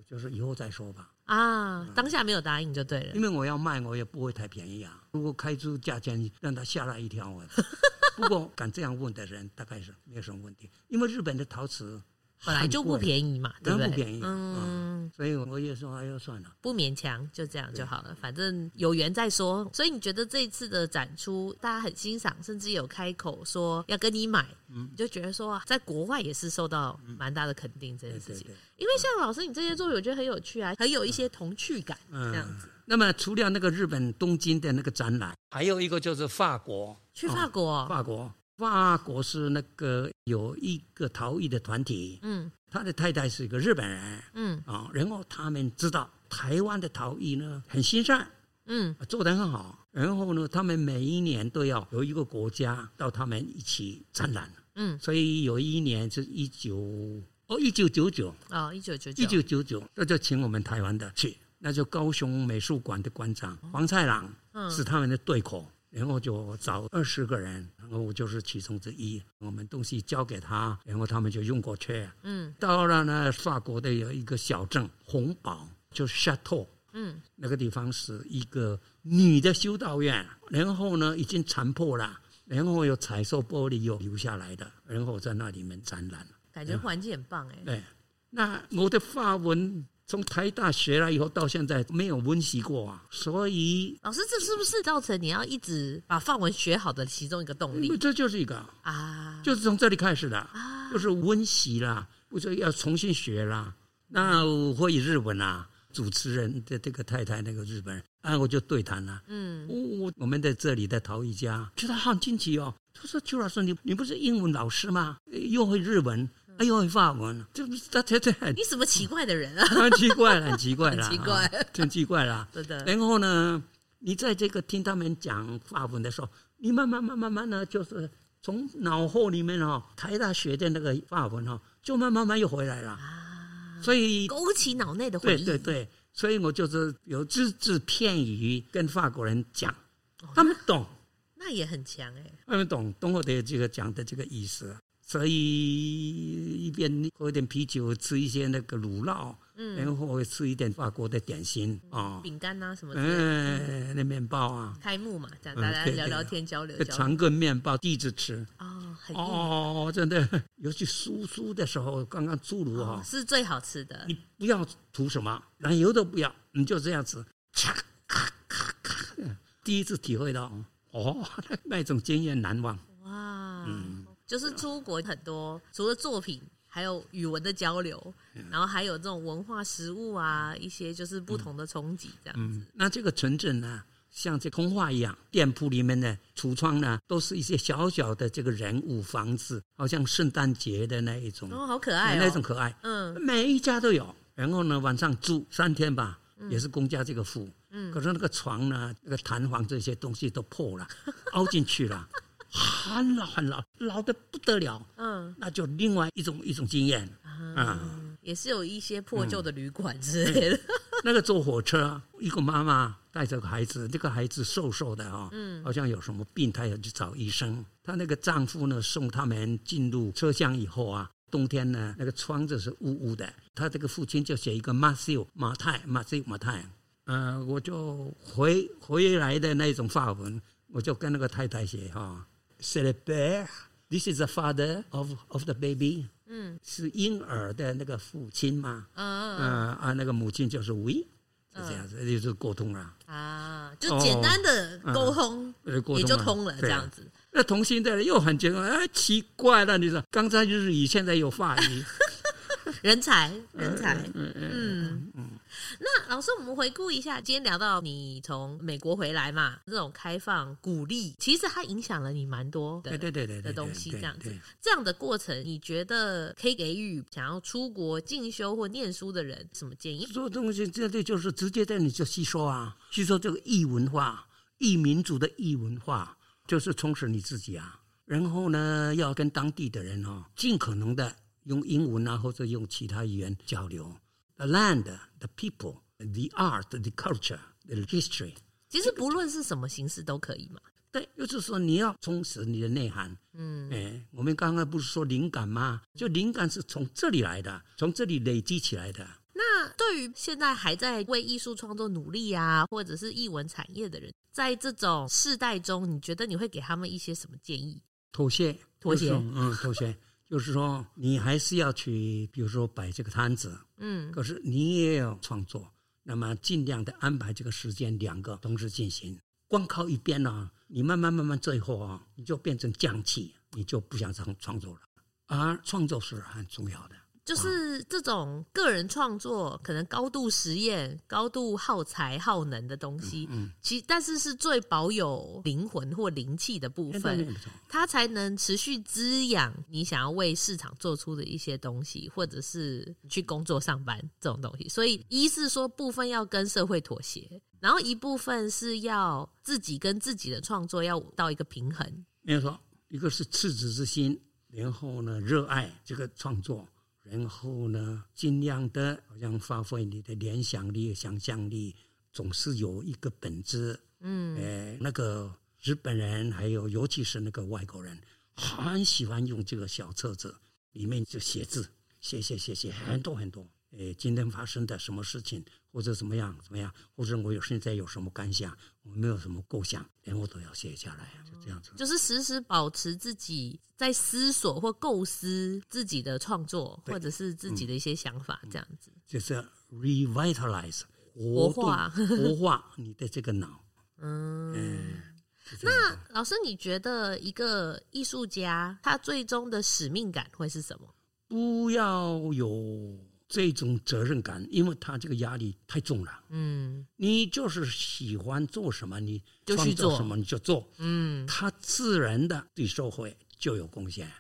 就是以後再說吧。啊，當下沒有答應就對了。啊、因為我要賣，我也不會太便宜啊。如果開出價錢，讓他嚇了一跳。 不過敢這樣問的人，大概是沒有什麼問題，因為日本的陶瓷本來就不便宜嘛，對不對？不便宜。嗯，嗯所以我也說哎呦算了，不勉強，就這樣就好了，對反正有緣再說。所以你覺得這一次的展出，大家很欣賞，甚至有開口說要跟你買，嗯，你就覺得說在國外也是受到蠻大的肯定、嗯、這件事情。對對對，因為像老師你這些作品，我覺得很有趣啊，很有一些童趣感，嗯、這樣子。嗯那麼，除了那個日本東京的那個展覽，還有一個就是法國去法國、哦，法國，法國是那個有一個陶藝的團體，嗯，他的太太是一個日本人，嗯，啊、哦，然後他們知道台灣的陶藝呢很欣賞，嗯，做得很好，然後呢，他們每一年都要有一個國家到他們一起展覽，嗯，嗯所以有一年是一九哦一九九九啊一九九九一九九九，1999, 哦、1999 1999, 那就請我們台灣的去。那就高雄美術館的館長黃菜郎是他們的對口，然後就找二十個人，然後我就是其中之一。我們東西交給他，然後他們就用過去。嗯，到了呢，法國的有一個小鎮紅堡，就 Chateau 嗯，嗯，那個地方是一個女的修道院，然後呢已經殘破了，然後有彩色玻璃又留下來的，然後在那裡面展覽。感覺環境很棒哎、欸。對，那我的法文。從台大學了以後到現在沒有溫習過啊，所以老師，這是不是造成你要一直把法文學好的其中一個動力？嗯、這就是一個啊，就是從這裡開始的啊，就是溫習啦，我說要重新學啦。嗯、那我會以日文啊，主持人的這個太太那個日本人啊，我就對談了、啊。嗯，我我我們在這裡的陶藝家就他好驚奇哦，他說邱老師，你你不是英文老師嗎？又會日文。哎呦，法文，這不是他很。你什麼奇怪的人啊？很、嗯、奇怪，很奇怪， 很奇怪， 很奇怪啦。 對的。對然後呢，你在這個聽他們講法文的時候，你慢,慢慢慢慢慢呢，就是從腦後裡面哦，台大學的那個法文哦，就慢慢慢,慢又回來了。啊。所以。勾起腦內的回憶。對對對，所以我就是有隻字片語跟法國人講，哦、他們懂。那也很強哎。他們懂，懂我的這個講的這個意思。所以一邊喝點啤酒，吃一些那個乳酪，然後會吃一點法國的點心餅乾啊什麼的，那麵包啊。開幕嘛，大家聊聊天，交流交流。長棍麵包第一次吃哦，哦，真的，尤其酥酥的時候，剛剛出爐哈，是最好吃的。你不要塗什麼奶油都不要，你就這樣子，咔咔咔咔，第一次體會到哦，那那種經驗難忘。哇。就是出國很多，除了作品，還有語文的交流，嗯、然後還有這種文化、食物啊，一些就是不同的衝擊這樣。嗯，那這個城鎮呢，像這童話一樣，店鋪裡面的櫥窗呢，都是一些小小的這個人物房子，好像聖誕節的那一種，哦，好可愛、哦，那，那一種可愛。嗯，每一家都有。然後呢，晚上住三天吧，嗯、也是公家這個戶。嗯，可是那個床呢，那個彈簧這些東西都破了，凹進去了。 很老很老，老得不得了。嗯，那就另外一種一種經驗啊，嗯嗯、也是有一些破舊的旅館之類的、嗯。 那個坐火車，一個媽媽帶着個孩子，那、這個孩子瘦瘦的、哦、嗯，好像有什麼病，她要去找醫生。她那個丈夫呢，送他們進入車廂以後啊，冬天呢，那個窗子是嗚嗚的。她這個父親就寫一個馬修馬泰馬修馬泰，嗯、呃，我就回回來的那種法文，我就跟那個太太寫哈、哦。This is the father of of the baby. 是嬰兒的那個父親嘛？啊啊，那個母親就是 we，就這樣子，就是溝通了。啊，就簡單的溝通，也就通了，這樣子。那童心的人又很驚訝，奇怪了，你說剛才就是你，現在有法語，人才，人才，嗯嗯嗯。那老師，我們回顧一下，今天聊到你從美國回來嘛，這種開放鼓勵，其實它影響了你蠻多，對對對對的東西，這樣子，這樣的過程，你覺得可以給予想要出國進修或唸書的人什麼建議？所有東西，真的就是直接在你就吸收啊，吸收這個異文化、異民族的異文化，就是充實你自己啊。然後呢，要跟當地的人哦，盡可能的用英文啊，或者用其他語言交流。The land, the people, the art, the culture, the history. 其實不論是什麼形式都可以嘛。對，就是說你要充實你的內涵。嗯、欸。我們剛剛不是說靈感嗎？就靈感是從這裡來的，從這裡累積起來的。那對於現在還在為藝術創作努力啊，或者是藝文產業的人，在這種世代中，你覺得你會給他們一些什麼建議？妥協，妥協，嗯，妥協。 就是說，你還是要去，比如說擺這個攤子，嗯，可是你也要創作，那麼盡量的安排這個時間，兩個同時進行。光靠一邊呢，啊，你慢慢慢慢，最後啊，你就變成匠氣，你就不想創創作了。而創作是很重要的。就是這種個人創作，可能高度實驗、高度耗材耗能的東西，嗯嗯、其但是是最保有靈魂或靈氣的部分，嗯嗯嗯嗯、它才能持續滋養你想要為市場做出的一些東西，或者是去工作上班這種東西。所以，一是說部分要跟社會妥協，然後一部分是要自己跟自己的創作要到一個平衡。沒有錯，一個是赤子之心，然後呢，熱愛這個創作。然後呢，盡量的好像發揮你的聯想力、想象力，總是有一個本子。嗯，哎、呃，那個日本人還有，尤其是那個外國人，很喜歡用這個小冊子，裡面就寫字，寫寫寫寫，很多很多。誒，今天發生的什麼事情，或者怎麼樣怎麼樣，或者我有現在有什麼感想，我沒有什麼構想，然後我都要寫下來，就這樣子。就是時時保持自己在思索或構思自己的創作，對或者是自己的一些想法，嗯、這樣子。就是 revitalize 活、活化 活化你的這個腦。嗯。嗯，那老師，你覺得一個藝術家他最終的使命感會是什麼？不要有。這種責任感，因為他這個壓力太重了。嗯，你就是喜歡做什麼，你就去做，做什麼你就做。嗯，他自然的對社會就有貢獻啊。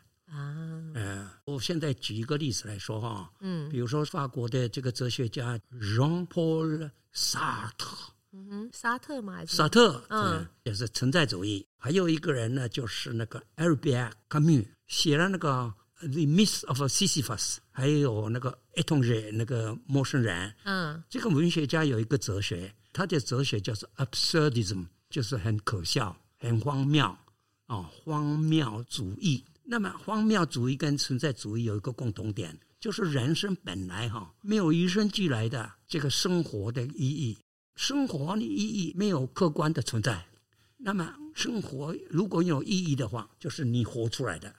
嗯、呃，我現在舉一個例子來說哈。嗯，比如說法國的這個哲學家 Jean-Paul Sartre，嗯哼，薩特嘛，薩特，是，嗯，也是存在主義。還有一個人呢，就是那個 Albert Camus 寫了那個。The Myth of Sisyphus，還有那個《埃同人》那個陌生人，嗯，這個文學家有一個哲學，他的哲學叫做 Absurdism，就是很可笑、很荒謬啊、哦，荒謬主義。那麼，荒謬主義跟存在主義有一個共同點，就是人生本來哈、哦、沒有與生俱來的這個生活的意義，生活的意義沒有客觀的存在。那麼，生活如果有意義的話，就是你活出來的。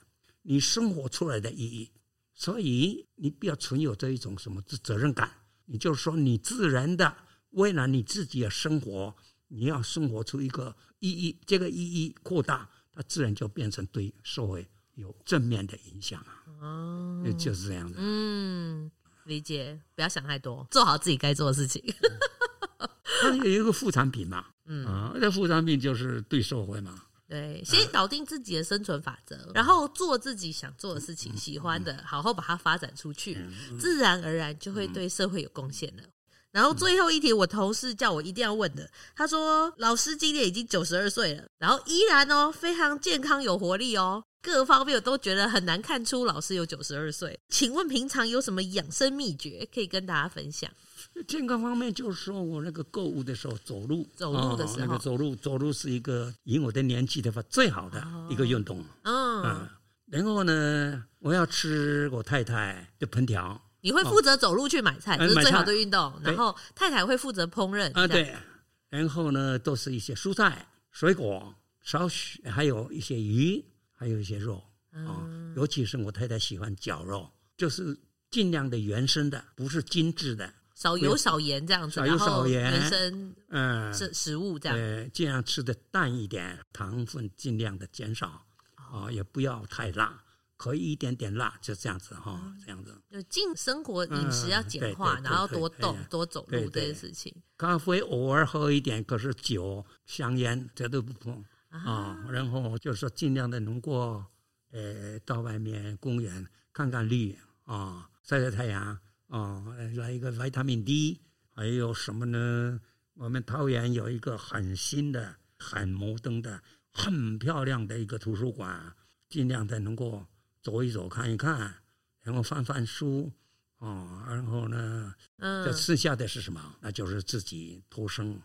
你生活出來的意義，所以你不要存有這一種什麼責任感，你就是說你自然的為了你自己的生活，你要生活出一個意義，這個意義擴大，它自然就變成對社會有正面的影響啊。哦，就是這樣子。嗯，理解，不要想太多，做好自己該做的事情。嗯、 它有一個副產品嘛，嗯、啊，這副產品就是對社會嘛。對，先搞定自己的生存法則，然後做自己想做的事情，喜歡的，好好把它發展出去，自然而然就會對社會有貢獻了。然後最後一題，我同事叫我一定要問的，他說：“老師今年已經九十二歲了，然後依然哦非常健康有活力哦，各方面我都覺得很難看出老師有九十二歲，請問平常有什麼養生秘訣可以跟大家分享？”健康方面，就是說我那個購物的時候走路，走路的時候、哦那個、走路走路是一個以我的年紀的話最好的一個運動。哦哦、嗯，然後呢，我要吃我太太的烹調。你會負責走路去買菜，哦、這是最好的運動。呃、然後太太會負責烹飪是不是啊？對。然後呢，都是一些蔬菜、水果，少許還有一些魚，還有一些肉啊、嗯哦。尤其是我太太喜歡絞肉，就是盡量的原生的，不是精緻的。少油少鹽這樣子，少油少鹽後原生嗯食食物這樣，嗯對，盡量吃的淡一點，糖分盡量的減少，啊、哦、也不要太辣，可以一點點辣就這樣子哈、哦、這樣子。就淨生活飲食要簡化，然後、嗯、多動多走路這件事情。咖啡偶爾喝一點，可是酒、香煙這都不碰、哦、啊。然後就是盡量的能夠呃到外面公園看看綠啊、哦，曬曬太陽。啊、哦，來一個維他命 D，還有什麼呢？我們桃園有一個很新的、很摩登的、很漂亮的一個圖書館，盡量的能夠走一走、看一看，然後翻翻書，啊、哦，然後呢，嗯，這剩下的是什麼？那就是自己偷生。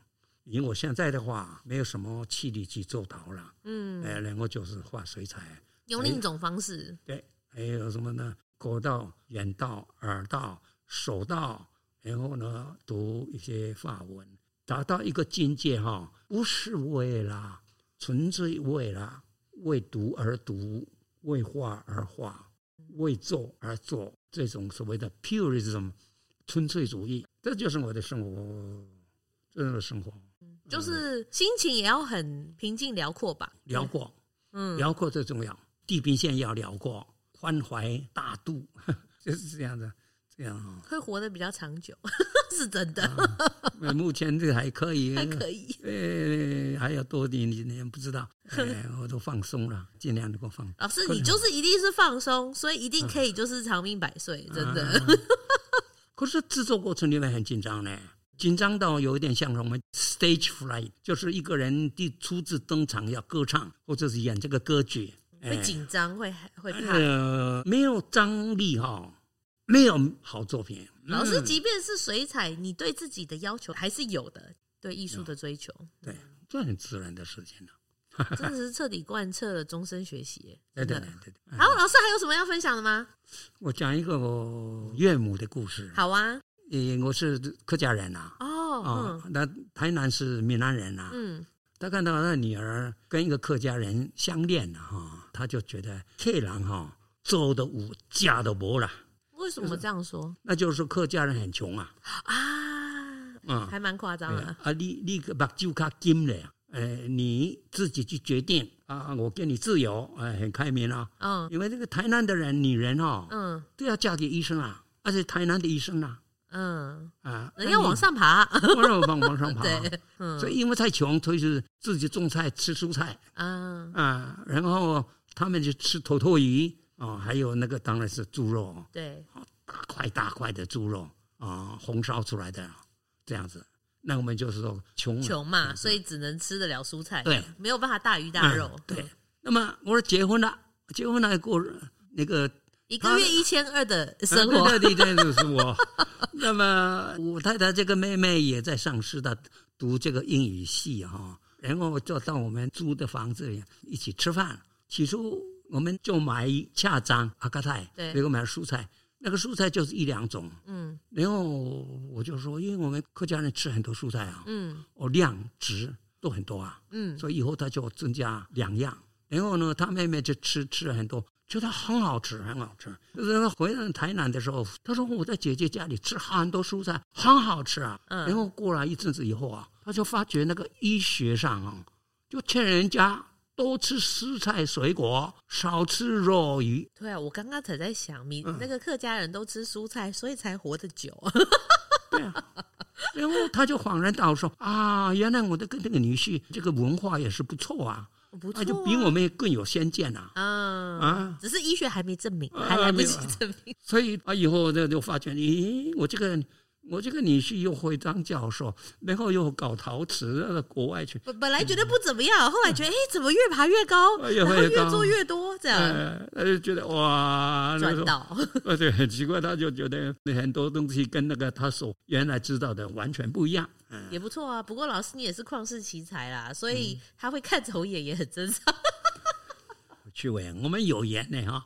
因為我現在的話，沒有什麼氣力去做陶了，嗯，哎，然後就是畫水彩，用另一種方式。對，還有什麼呢？口到、眼到、耳到。守道，然後呢，讀一些法文，達到一個境界哈、哦，不是為了純粹為了為讀而讀，為畫而畫，為做而做，這種所謂的 purism 純粹主義，這就是我的生活，真正的生活，嗯、就是心情也要很平靜遼闊吧？遼闊，嗯，遼闊最重要，地平線要遼闊，寬懷大度，就是這樣的。會活得比較長久，是真的。啊、目前這個還可以，還可以。呃、哎哎，還要多年幾年，你不知道、哎。我都放鬆了，盡量的放鬆。老師，是你就是一定是放鬆，所以一定可以就是長命百歲，真的、啊啊啊啊。可是製作過程裡面很緊張呢，緊張到有一點像我們 stage flight，就是一個人第初次登場要歌唱或者是演這個歌曲。會緊張，哎、會會怕、呃，沒有張力哈、哦。沒有好作品，嗯、老師即便是水彩，你對自己的要求還是有的，對藝術的追求，對，這很自然的事情了。 真的是徹底貫徹了終身學習，對對對然後、嗯哦、老師還有什麼要分享的嗎？我講一個我岳母的故事。好啊，我是客家人吶、啊，哦，那、哦嗯、台南是閩南人吶、啊，嗯，他看到他女兒跟一個客家人相戀了哈，他就覺得，客人哈，做的五假的沒了。為什麼這樣說？那就是客家人很窮啊啊，嗯，還蠻誇張的啊！你你個把就卡金了，哎，你自己去決定啊！我給你自由，哎，很開明啊！嗯，因為這個台南的人，女人啊嗯，都要嫁給醫生啊，而且台南的醫生啊，嗯啊，要往上爬，不讓我幫往上爬，對，所以因為太窮，所以是自己種菜吃蔬菜啊啊，然後他們就吃土魠魚。哦，還有那個當然是豬肉，對，大塊大塊的豬肉啊、嗯，紅燒出來的這樣子。那我們就是說窮窮嘛，所以只能吃得了蔬菜，對，沒有辦法大魚大肉。嗯、對，嗯、那麼我說結婚了，結婚了過那個一個月一千二的生活，那麼我太太這個妹妹也在上師大讀這個英語系哈、哦，然後就到我們租的房子裡一起吃飯，起初。我們就買恰張阿卡泰，對，比如買蔬菜，那個蔬菜就是一兩種，嗯，然後我就說，因為我們客家人吃很多蔬菜啊，嗯，哦，量值都很多啊，嗯，所以以後他就增加兩樣，然後呢，他妹妹就吃吃了很多，覺得很好吃，很好吃。就是他回到台南的時候，他說我在姐姐家裡吃很多蔬菜，很好吃啊。嗯。然後過了一陣子以後啊，他就發覺那個醫學上啊，就欠人家。多吃蔬菜水果，少吃肉魚。對啊，我剛剛才在想，你那個客家人都吃蔬菜，嗯、所以才活得久。 對啊，然後他就恍然大悟說：“啊，原來我的、這、跟、個、那個女婿，這個文化也是不錯啊，不錯、啊，他就比我們更有先見啊、嗯、啊！只是醫學還沒證明，還來不及證明，啊啊啊、所以啊，以後呢，就發覺，咦，我這個我這個女婿又會當教授，然後又搞陶瓷，到國外去。本來覺得不怎麼樣，嗯、後來覺得哎，怎麼越爬越高，越爬越高，然後越做越多這樣、嗯。他就覺得哇，賺到！而且道很奇怪，他就覺得很多東西跟那個他所原來知道的完全不一樣。嗯、也不錯啊，不過老師你也是曠世奇才啦，所以他會看走眼也很正常。 去玩，我們有緣的哈，哦、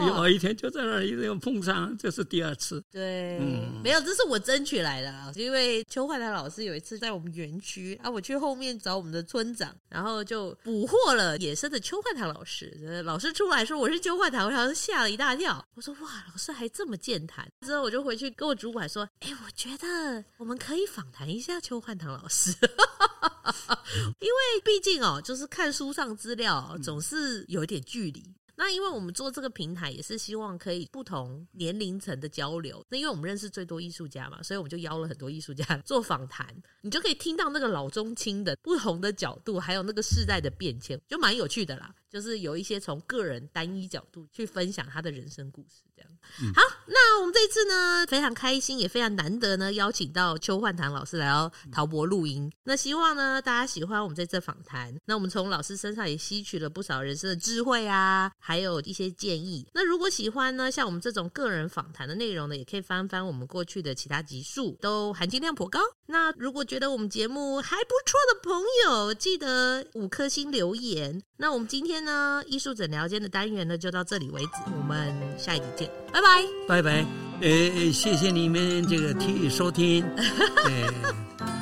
有，有一天就在那一直又碰上，這是第二次。對，嗯、沒有，這是我爭取來的，因為邱煥堂老師有一次在我們園區，啊，我去後面找我們的村長，然後就捕獲了野生的邱煥堂老師，老師出來說我是邱煥堂，我好像嚇了一大跳。我說哇，老師還這麼健談，之後我就回去跟我主管說，哎，我覺得我們可以訪談一下邱煥堂老師。 因為畢竟哦，就是看書上資料哦，總是有一點距離。那因為我們做這個平台也是希望可以不同年齡層的交流。那因為我們認識最多藝術家嘛，所以我們就邀了很多藝術家做訪談，你就可以聽到那個老中青的不同的角度，還有那個世代的變遷，就蠻有趣的啦。就是有一些從個人單一角度去分享他的人生故事，這樣。嗯、好，那我們這一次呢，非常開心，也非常難得呢，邀請到邱煥堂老師來到陶博錄音。嗯、那希望呢，大家喜歡我們這次訪談。那我們從老師身上也吸取了不少人生的智慧啊，還有一些建議。那如果喜歡呢，像我們這種個人訪談的內容呢，也可以翻翻我們過去的其他集數，都含金量頗高。那如果覺得我們節目還不錯的朋友，記得五顆星留言。那我們今天。呢，藝術診聊間的單元呢，就到這裡為止。我們下一集見，拜拜，拜拜。哎、呃，謝謝你們這個聽收聽。 呃